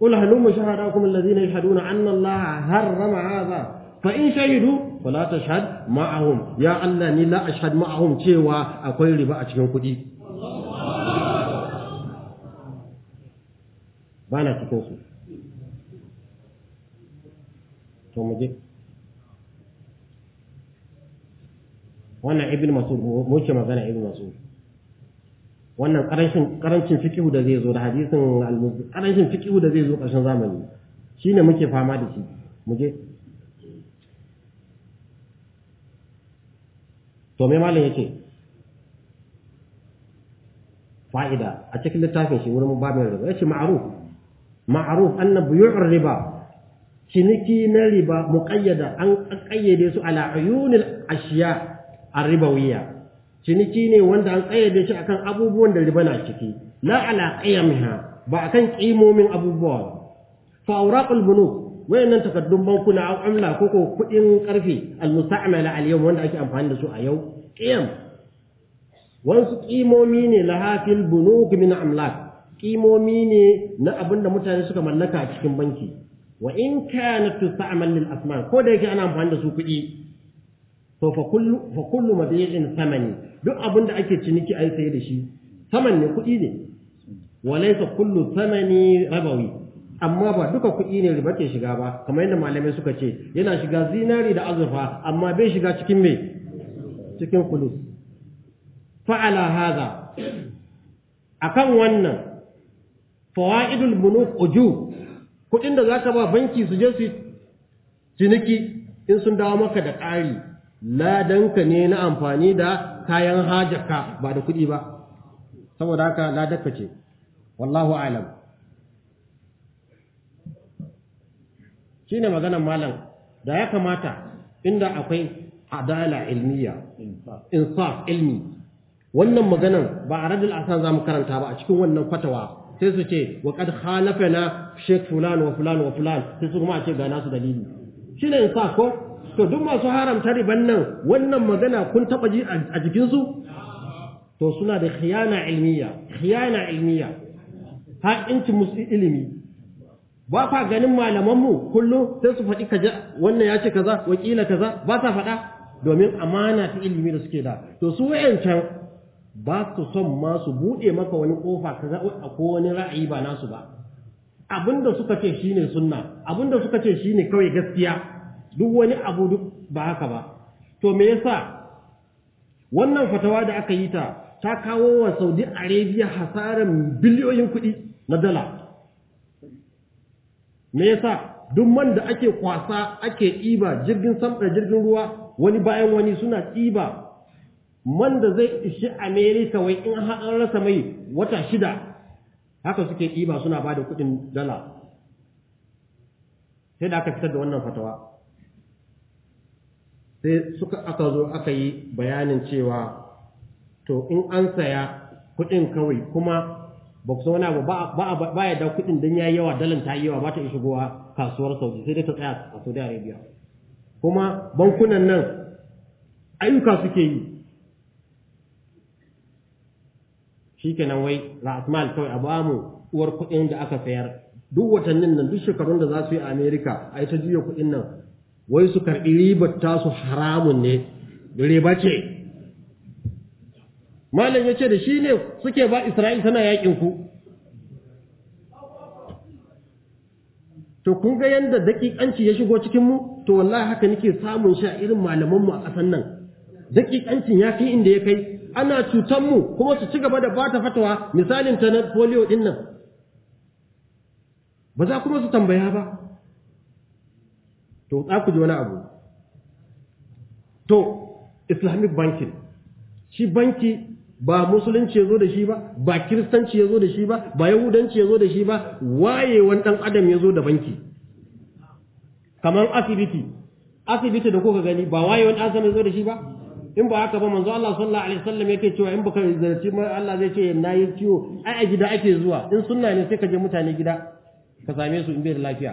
qul shahara shahadakum alladhina na anna Allah harrama hadha fa in shahidu fala tashhad ma'ahum ya Allah ni la ashhad ma'ahum cewa akwai riba a cikin kuɗi wannan ibn masud muke magana ibn masud wannan karancin karancin fiqhu da zai zo da hadisin al-muzi karancin fiqhu da zai zo karshen zamani shine muke fama da shi muje to me malam yake fa'ida a cikin littafin shi wurin babin riba yace ma'ruf ma'ruf anna buyu'ur riba ciniki na riba muqayyada an qayyade su ala ayunil ashiya' arribawiya ciniki ne wanda an kayyade shi akan abubuwan da riba na ciki la ala ba akan kimomin abubuwa fa awraqul bunuk wayannan takaddun bankuna au amla ko ko kudin karfi al musta'mala al yawm wanda ake amfani da su a yau qiyam wasu kimomi ne lahafil bunuk min amlak kimomi ne na abinda mutane suka mallaka a cikin banki wa in kana tusta'mal lil asman ko da yake ana amfani da su kuɗi to fa kullu fa kullu mabi'in thamani duk abin da ake ciniki ai sai da shi thaman ne kuɗi ne walaysa kullu thamani rabawi amma ba duka kuɗi ne riba ke shiga ba kamar yadda malamai suka ce yana shiga zinari da azurfa amma bai shiga cikin me cikin kulus fa'ala hadha akan wannan fawaidul bunuk uju kuɗin da zaka ba banki su je su ciniki in sun dawo maka da ƙari ladanka ne na amfani da kayan hajaka ba da kuɗi ba saboda haka ladanka ce wallahu alam shine maganar malam da ya kamata inda akwai adala ilmiya insaf ilmi wannan maganan ba a radul asan zamu karanta ba a cikin wannan fatawa sai su ce wa kad khalafana sheikh fulan wa fulan wa fulan sai su kuma a ce ga nasu dalili shine insaf ko to duk masu haramta riban nan wannan magana kun taba ji a jikinsu to suna da khiyana ilmiya khiyana ilmiya musu ilimi ba fa ganin malamanmu kullum sai su faɗi kaza wannan ya kaza wakila kaza ba sa faɗa domin amana ta ilimi da suke da to su wayancan ba su son ma su buɗe maka wani ƙofa kaza ko wani ra'ayi ba nasu ba abinda suka ce shine sunna abinda suka ce shine kawai gaskiya duk wani abu duk ba haka ba to me yasa wannan fatawa da aka yi ta ta kawo wa Saudi Arabia hasaran biliyoyin kuɗi na dala me yasa duk man da ake kwasa ake ɗiba jirgin sam jirgin ruwa wani bayan wani suna ɗiba man da zai ishi america wai in an rasa mai wata shida haka suke ɗiba suna ba da kuɗin dala sai da aka fitar da wannan fatawa sai suka aka zo aka yi bayanin cewa to in an saya kuɗin kawai kuma ba ku wani abu ba ya da kuɗin don ya yi yawa dalan ta yi yawa ba ta yi shigowa kasuwar saudi sai dai ta tsaya a saudi arabia kuma bankunan nan ayyuka suke yi shi kenan wai ra'asmal kawai a bamu uwar kuɗin da aka sayar duk watannin nan duk shekarun da za su yi a amerika a yi ta juya kuɗin nan wai su karɓi ribar tasu haramun ne riba ce malam ya ce da shi ne suke ba isra'il tana yakin ku to kun ga yadda daƙiƙanci ya shigo cikin mu to wallahi haka nake samun sha irin malamanmu a ƙasan nan daƙiƙancin ya fi inda ya kai ana cutan mu kuma su ci gaba da bata fatawa misalin ta na polio ɗin nan ba za kuma su tambaya ba to za ku ji wani abu to islamic banking shi banki ba musulunci ya zo da shi ba ba kiristanci ya zo da shi ba ba yahudanci ya zo da shi ba wayewan ɗan adam ya zo da banki kamar asibiti asibiti da kuka gani ba wayewan ɗan adam ya zo da shi ba in ba haka ba manzo Allah sallallahu alaihi wasallam yake cewa in baka zarci mai Allah zai ce nayi ciwo ai a gida ake zuwa in sunna ne sai ka je mutane gida ka same su in bai da lafiya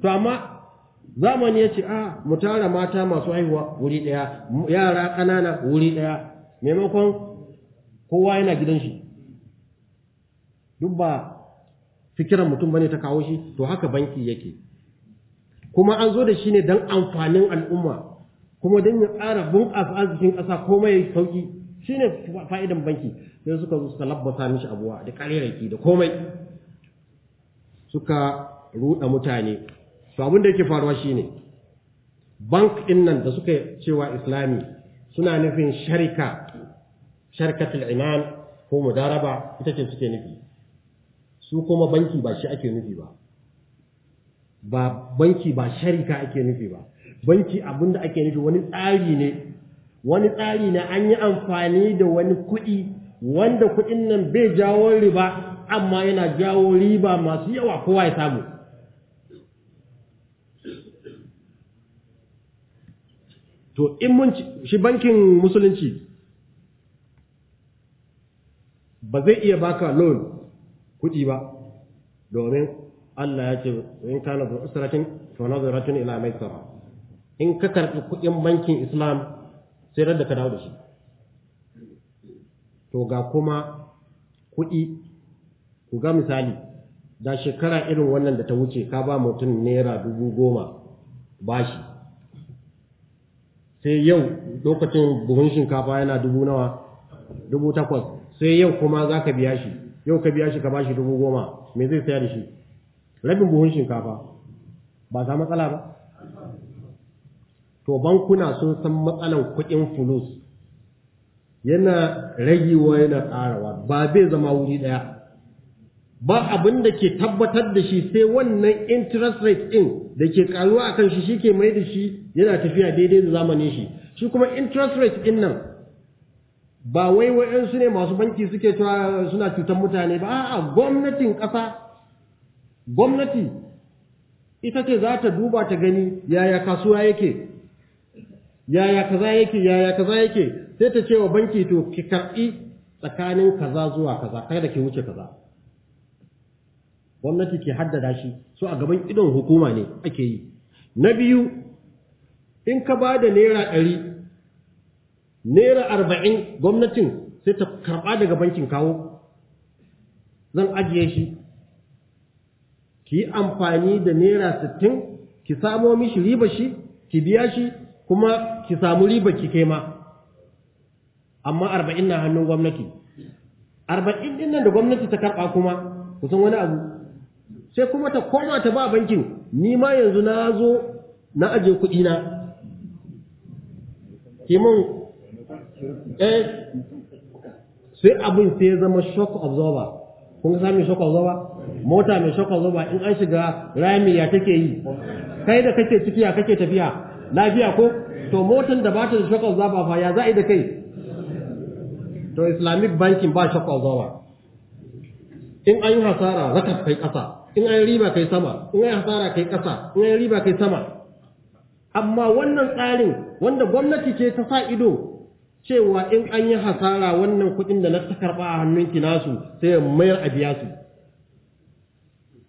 to amma zamani ya ce a ah, mu tara mata masu haihuwa wuri ɗaya yara ƙanana wuri ɗaya maimakon kowa yana gidan shi duk ba fikiran mutum bane ta kawo shi to haka banki yake kuma an zo da shi ne don amfanin al'umma kuma don ya ƙara bunƙasa arzikin ƙasa komai ya sauƙi shi ne fa'idan banki sai suka zo suka labbasa mishi abuwa da ƙarerarki da komai suka ruɗa mutane to abin da yake faruwa shine bank din nan da suka cewa islami suna nufin sharika sharkatul iman ko mudaraba ita ce suke nufi su kuma banki ba shi ake nufi ba ba banki ba sharika ake nufi ba banki abin da ake nufi wani tsari ne wani tsari na an yi amfani da wani kuɗi wanda kuɗin nan bai jawo riba amma yana jawo riba masu yawa kowa ya samu to in mun shi bankin musulunci ba zai iya baka loan kuɗi ba domin Allah ya ce in kana bi usratin fa nadratun ila tsara in ka karɓi kuɗin bankin Islam sai da ka dawo da shi to ga kuma kuɗi ku ga misali da shekara irin wannan da ta wuce ka ba mutum naira dubu goma bashi sai yau lokacin buhun shinkafa yana dubu nawa dubu takwas sai yau kuma za ka biya shi yau ka biya shi ka bashi dubu goma me zai saya da shi rabin buhun shinkafa ba za matsala ba to bankuna sun san matsalan kuɗin fulus yana ragewa yana ƙarawa ba zai zama wuri ɗaya ba abin da ke tabbatar da shi sai wannan interest rate ɗin da ke karuwa a kan shi shi ke mai da shi yana tafiya daidai da zamanin shi shi kuma interest rate ɗin nan ba wai wayansu ne masu banki suke suna cutar mutane ba a'a gwamnatin ƙasa gwamnati ita ce za ta duba ta gani yaya kasuwa yake yaya kaza yake yaya kaza yake sai ta ce wa banki to ki karɓi tsakanin kaza zuwa kaza kai da ke wuce kaza gwamnati ke haddada shi so a gaban idon hukuma ne ake yi na biyu in ka ba da naira ɗari naira arba'in gwamnatin sai ta karɓa daga bankin kawo zan ajiye shi ki yi amfani da naira sittin ki samo mishi riba shi ki biya shi kuma ki samu riba ki kai ma amma arba'in na hannun gwamnati arba'in ɗin nan da gwamnati ta karɓa kuma kusan wani abu sai kuma ta koma ta ba bankin ni ma yanzu na zo na aje kuɗi na kimin eh sai abin sai ya zama shock absorber kun ga sami shock absorber mota mai shock absorber in an shiga rami ya take yi kai da kake ciki ya kake tafiya lafiya ko to motan da ba ta shock absorber fa ya za'i da kai to islamic banking ba shock absorber in an yi hasara za ta kai ƙasa in ai riba kai sama in ai hasara kai ƙasa in ai riba kai sama amma wannan tsarin wanda gwamnati ce ta sa ido cewa in an yi hasara wannan kuɗin da na ta karɓa a hannunki nasu sai ya mayar a biya su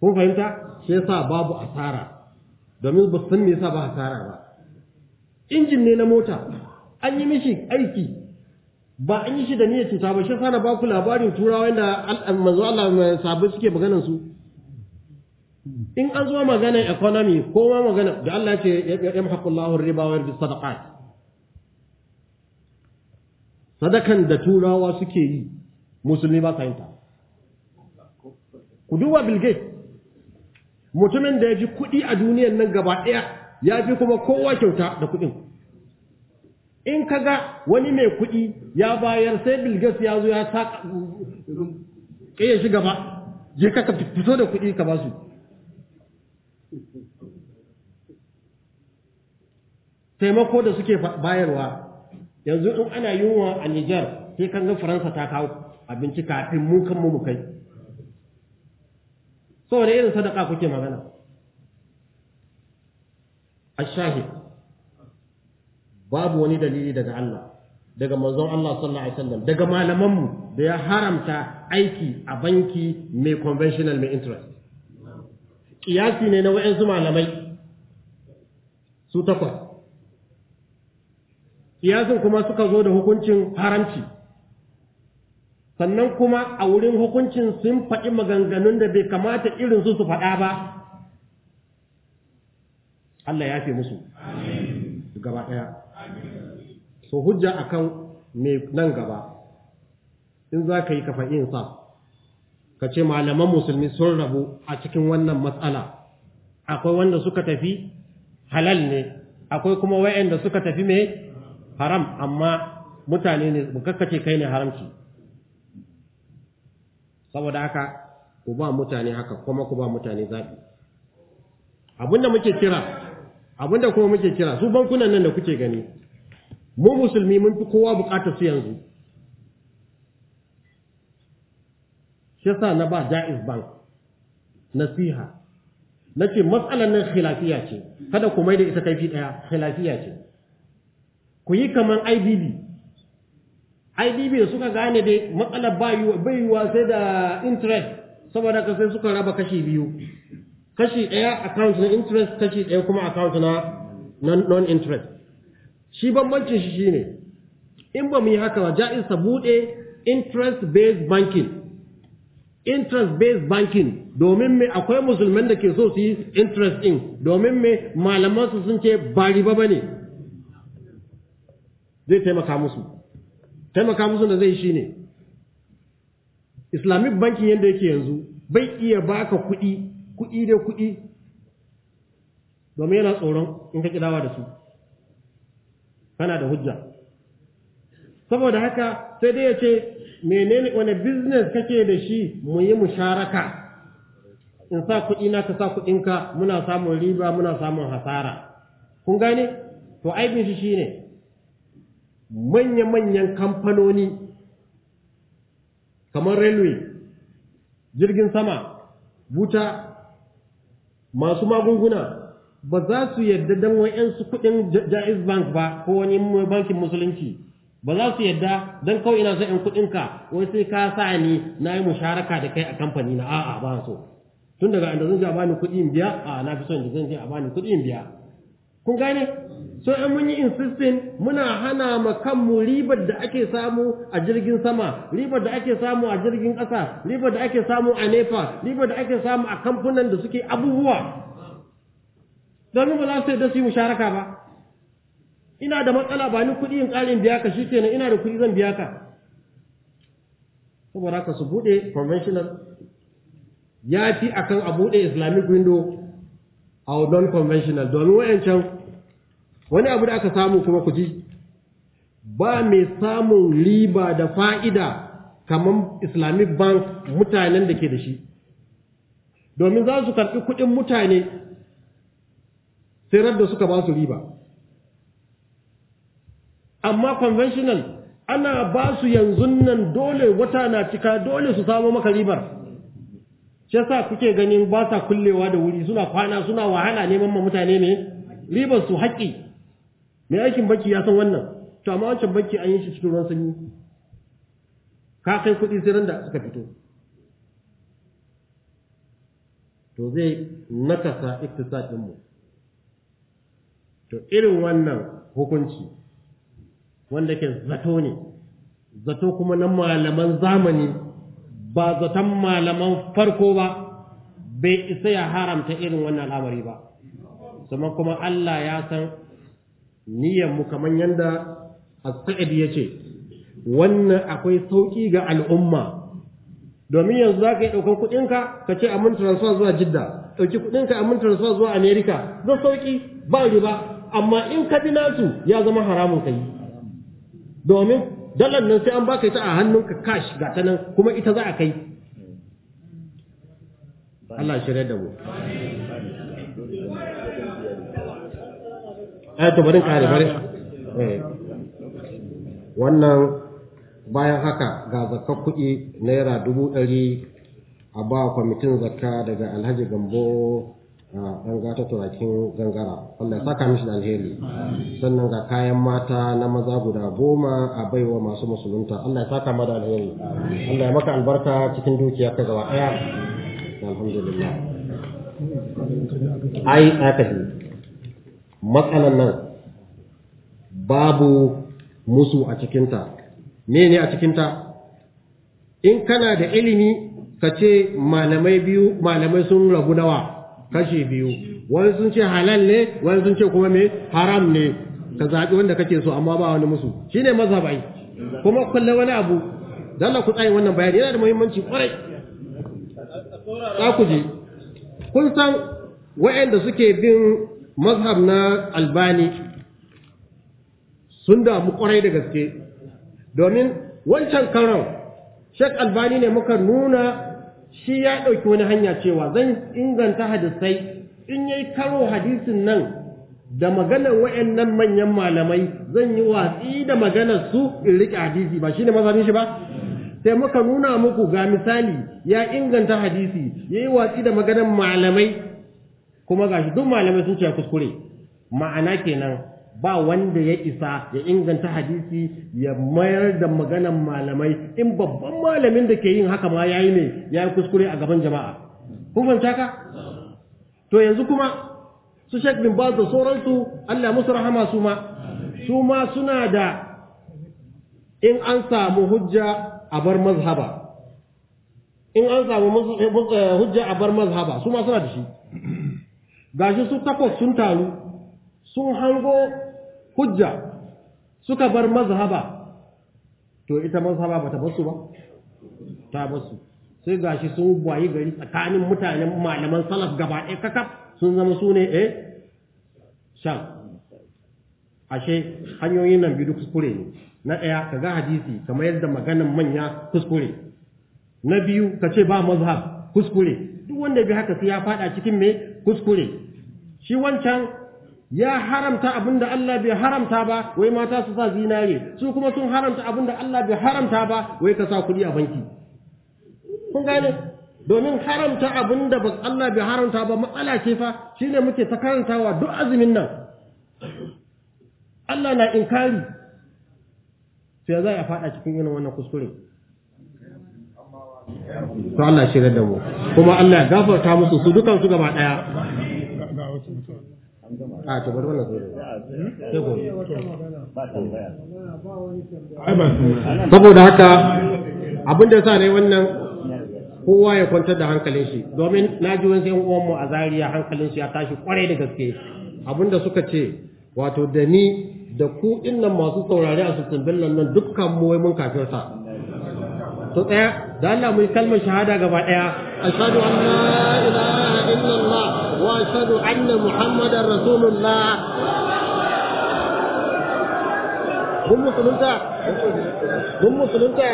kun fahimta shi yasa babu asara domin ba san me yasa ba asara ba injin ne na mota an yi mishi aiki ba an yi shi da niyyar cuta ba shi yasa na ba ku labarin turawa inda manzo Allah mai sabu suke maganar su in an zo maganar economy ko ma magana da Allah ce ya lahun riba wa yarbi sadaka sadakan da turawa suke yi musulmi ba sa ku duba Bill Gates mutumin da ya ji kuɗi a duniyar nan gaba ɗaya ya fi kuma kowa kyauta da kuɗin in ka ga wani mai kuɗi ya bayar sai Bill Gates ya zo ya sa ƙayyashi gaba je ka fito da kuɗi ka ba su taimako da suke bayarwa yanzu in ana yiwuwa a Nijar sai kan ga Faransa ta kawo abinci kafin mu kan mu kai saboda irin sadaka kuke magana shahi, babu wani dalili daga Allah daga manzon Allah sallallahu alaihi wasallam daga malamanmu da ya haramta aiki a banki mai conventional mai interest kiyasi ne na wa'yansu malamai su takwa kiyasin kuma suka zo da hukuncin haramci sannan kuma a wurin hukuncin sun faɗi maganganun da bai kamata irin su su faɗa ba Allah ya fi musu gaba ɗaya so hujja akan mai nan gaba in za ka yi kafa sa ka ce malaman musulmi sun rabu a cikin wannan matsala akwai wanda suka tafi halal ne akwai kuma wayanda suka tafi mai haram amma mutane ne bukakkace kai ne haramci saboda haka ku ba mutane haka kuma ku ba mutane zaɓi abinda muke kira abinda kuma muke kira su bankunan nan da kuke gani mu musulmi mun fi kowa bukatar su yanzu shi yasa na ba Jaiz Bank nasiha nace matsalan nan khilafiya ce kada ku da ita kaifi daya khilafiya ce ku yi kaman IDB IDB da suka gane dai matsalar bayuwa sai da interest saboda ka sai suka raba kashi biyu kashi ɗaya account na interest kashi ɗaya kuma account na non interest shi bambancin shi shine in ba mu yi haka ba ja'iz ta buɗe interest based banking interest based banking domin me akwai musulman da ke so su yi interest din domin me malaman su sun ce ba riba bane zai taimaka musu taimaka musu da zai shi ne. islamic banking yadda yake yanzu bai iya baka kuɗi kuɗi da kuɗi domin yana tsoron in ka kidawa da su kana da hujja saboda haka sai dai ya ce menene wani business kake da shi mu yi musharaka in sa kuɗi na ka sa kuɗinka muna samun riba muna samun hasara kun gane to aibin shi shine manya-manyan kamfanoni kamar railway jirgin sama buta masu magunguna ba za su yadda don wa'yansu kuɗin jaiz bank ba ko wani bankin musulunci ba za su yadda don kawai ina zai in kuɗinka wai sai ka sa ni na yi musharaka da kai a kamfani na a'a ba so tun daga inda zan je a bani kuɗi in biya a na fi son zan je a bani kuɗi in biya kun gane so in mun yi insistin muna hana ma kanmu ribar da ake samu a jirgin sama ribar da ake samu a jirgin ƙasa ribar da ake samu a nepa, ribar da ake samu a kamfunan da suke abubuwa don ba za su yadda su yi musharaka ba ina da matsala ba ni kuɗi in ƙarin biya ka shikenan ina da kuɗi zan biya ka saboda ka su buɗe conventional ya fi kan a buɗe islamic window a non conventional domin wayancan wani abu da aka samu kuma ku ji ba mai samun riba da fa'ida kamar islamic bank mutanen da ke da shi domin za su karɓi kuɗin mutane sai da suka ba su riba amma conventional ana ba su yanzu nan dole wata na cika dole su samu maka ribar shi sa kuke ganin ba sa kullewa da wuri suna kwana suna wahala neman ma mutane ne ribar su haƙi mai aikin baki ya san wannan to amma wancan baki an yi shi cikin ruwan sanyi ka kai kuɗi sai da suka fito to zai nakasa iktisadin mu to irin wannan hukunci wanda ke zato ne zato kuma na malaman zamani ba zaton malaman farko ba bai isa ya haramta irin wannan al'amari ba sama kuma Allah ya san niyyar mu kamar yanda as-sa'id yace wannan akwai sauƙi ga al'umma domin yanzu zaka yi ɗaukar kudin ka ce a mun transfer zuwa Jidda ɗauki kudin ka a transfer zuwa Amerika zan sauki ba riba amma in ka bi nasu ya zama haramun kai domin dalar nan sai an baka ita a hannunka cash ga ta nan kuma ita za a kai Allah shirya da mu eh, to bari kare eh. wannan bayan haka ga zakar kuɗi naira dubu ɗari a ba kwamitin zakka daga alhaji gambo an gata turakin gangara Allah saka mishi da alheri sannan ga kayan mata na maza guda goma a baiwa masu musulunta Allah ya saka mada alheri Allah ya maka albarka cikin dukiya ka gaba daya alhamdulillah ai akashi matsalan nan babu musu a cikinta Me ne a cikinta in kana da ilimi ka ce malamai biyu malamai sun rabu nawa kashi biyu wani sun ce halal ne wani sun ce kuma me haram ne ka zaɓi wanda kake so amma ba wani musu shine mazhabai kuma kullum wani abu dalla ku tsaye wannan bayani yana da muhimmanci kwarai za ku je kun san waɗanda suke bin mazhab na albani sun damu kwarai da gaske domin wancan karon shek albani ne muka nuna shi ya ɗauki wani hanya cewa zan inganta hadisai in yi karo hadisin nan da maganar wa'annan manyan malamai zan yi watsi da maganar su in riƙe hadisi ba shine mazarin shi ba sai muka nuna muku ga misali ya inganta hadisi ya yi watsi da maganar malamai kuma ga shi duk malamai sun ce kuskure ma'ana kenan ba wanda ya isa ya inganta hadisi ya mayar da maganan malamai in babban malamin da ke yin haka ma yayi ne ya yi kuskure a gaban jama'a kun fahimta ka to yanzu kuma su Sheikh bin Baz da sauransu Allah musu rahama su ma su ma suna da in an samu hujja a bar mazhaba in an samu eh, eh, hujja a bar mazhaba su ma suna da shi gashi su takwas sun taru sun hango hujja suka bar mazhaba to ita mazhaba bata basu ba ta basu sai gashi sun wayi gari tsakanin mutanen malaman salaf gaba ɗaya kakaf sun zama sune ne eh shan ashe hanyoyin nan biyu kuskure ne na ɗaya ka ga hadisi kamar yadda maganan manya kuskure na biyu ka ce ba mazhab kuskure duk wanda bi haka sai ya faɗa cikin me kuskure shi wancan ya haramta abinda Allah bai haramta ba wai mata su sa zinaye su kuma sun haramta abinda Allah bai haramta ba wai ka sa kuɗi a banki kun gane domin haramta abinda ba Allah bai haramta ba matsala ce fa shine muke ta karantawa duk azumin nan Allah na inkari sai za a fada cikin irin wannan kuskure to Allah da mu kuma Allah ya gafarta musu su su gaba ɗaya saboda haka abin da sa ne wannan kowa ya kwantar da hankalin shi domin na ji wani yan uwanmu a Zariya hankalin shi ya tashi kwarai da gaske abin suka ce wato da ni da ku nan masu saurari a sassan bellan nan dukkan mu wai mun sa to tsaya da Allah mu kalmar shahada gaba daya ashhadu an la واشهد ان محمدا رسول الله هم مسلمتا هم مسلمتا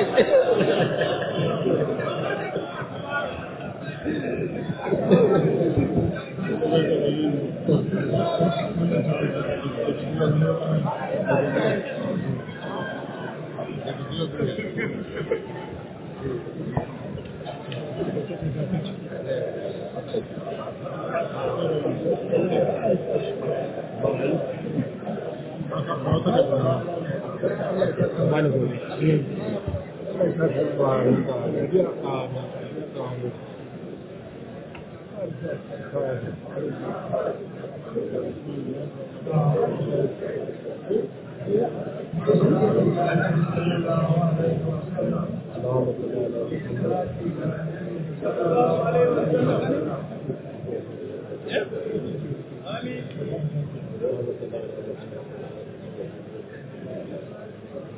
Thank [LAUGHS] you. One of those. Thank you.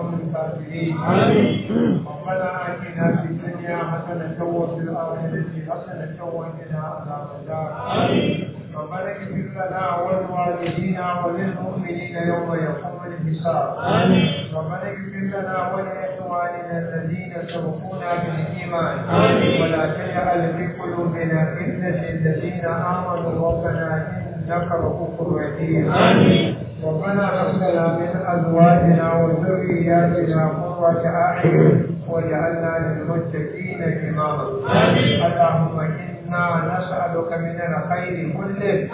قوم الكافرين ربنا آتنا في الدنيا حسنة وفي الآخرة حسنة وقنا عذاب النار ربنا اغفر لنا ولوالدينا وللمؤمنين يوم يقوم الحساب ربنا اغفر لنا ولإخواننا الذين سبقونا بالإيمان ولا تجعل في قلوبنا فتنة للذين آمنوا ربنا إنك رؤوف رحيم ربنا هب من ازواجنا وذرياتنا قرة اعين واجعلنا للمتقين اماما اللهم انا حسنى نسألك من الخير كله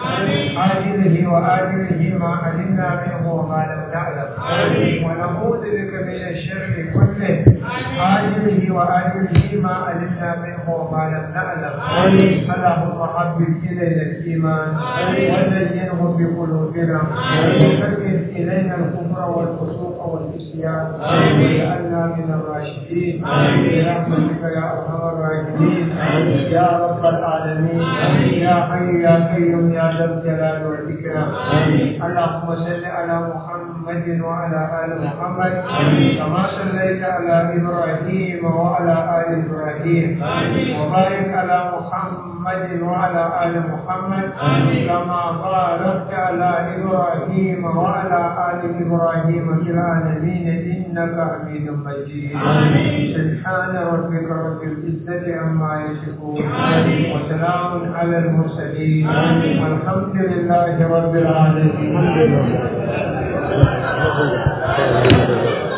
آجله وآجله ما علمنا منه وما لم نعلم ونعوذ بك من الشر كله آجله وآجله ما علمنا منه وما لم نعلم اللهم حبب إلينا الإيمان وزينه بقلوبنا وكفر إلينا الكفر والفسوق العصيان واجعلنا من الراشدين آمين برحمتك يا ارحم الراحمين يا رب العالمين آمين يا حي يا قيوم يا ذا الجلال والاكرام اللهم صل على محمد وعلى ال محمد آمين كما صليت على ابراهيم وعلى ال ابراهيم آمين وبارك على محمد محمد وعلى آل محمد كما باركت على إبراهيم وعلى آل إبراهيم في العالمين إنك حميد مجيد سبحان ربك رب العزة عما يصفون وسلام على المرسلين والحمد لله رب العالمين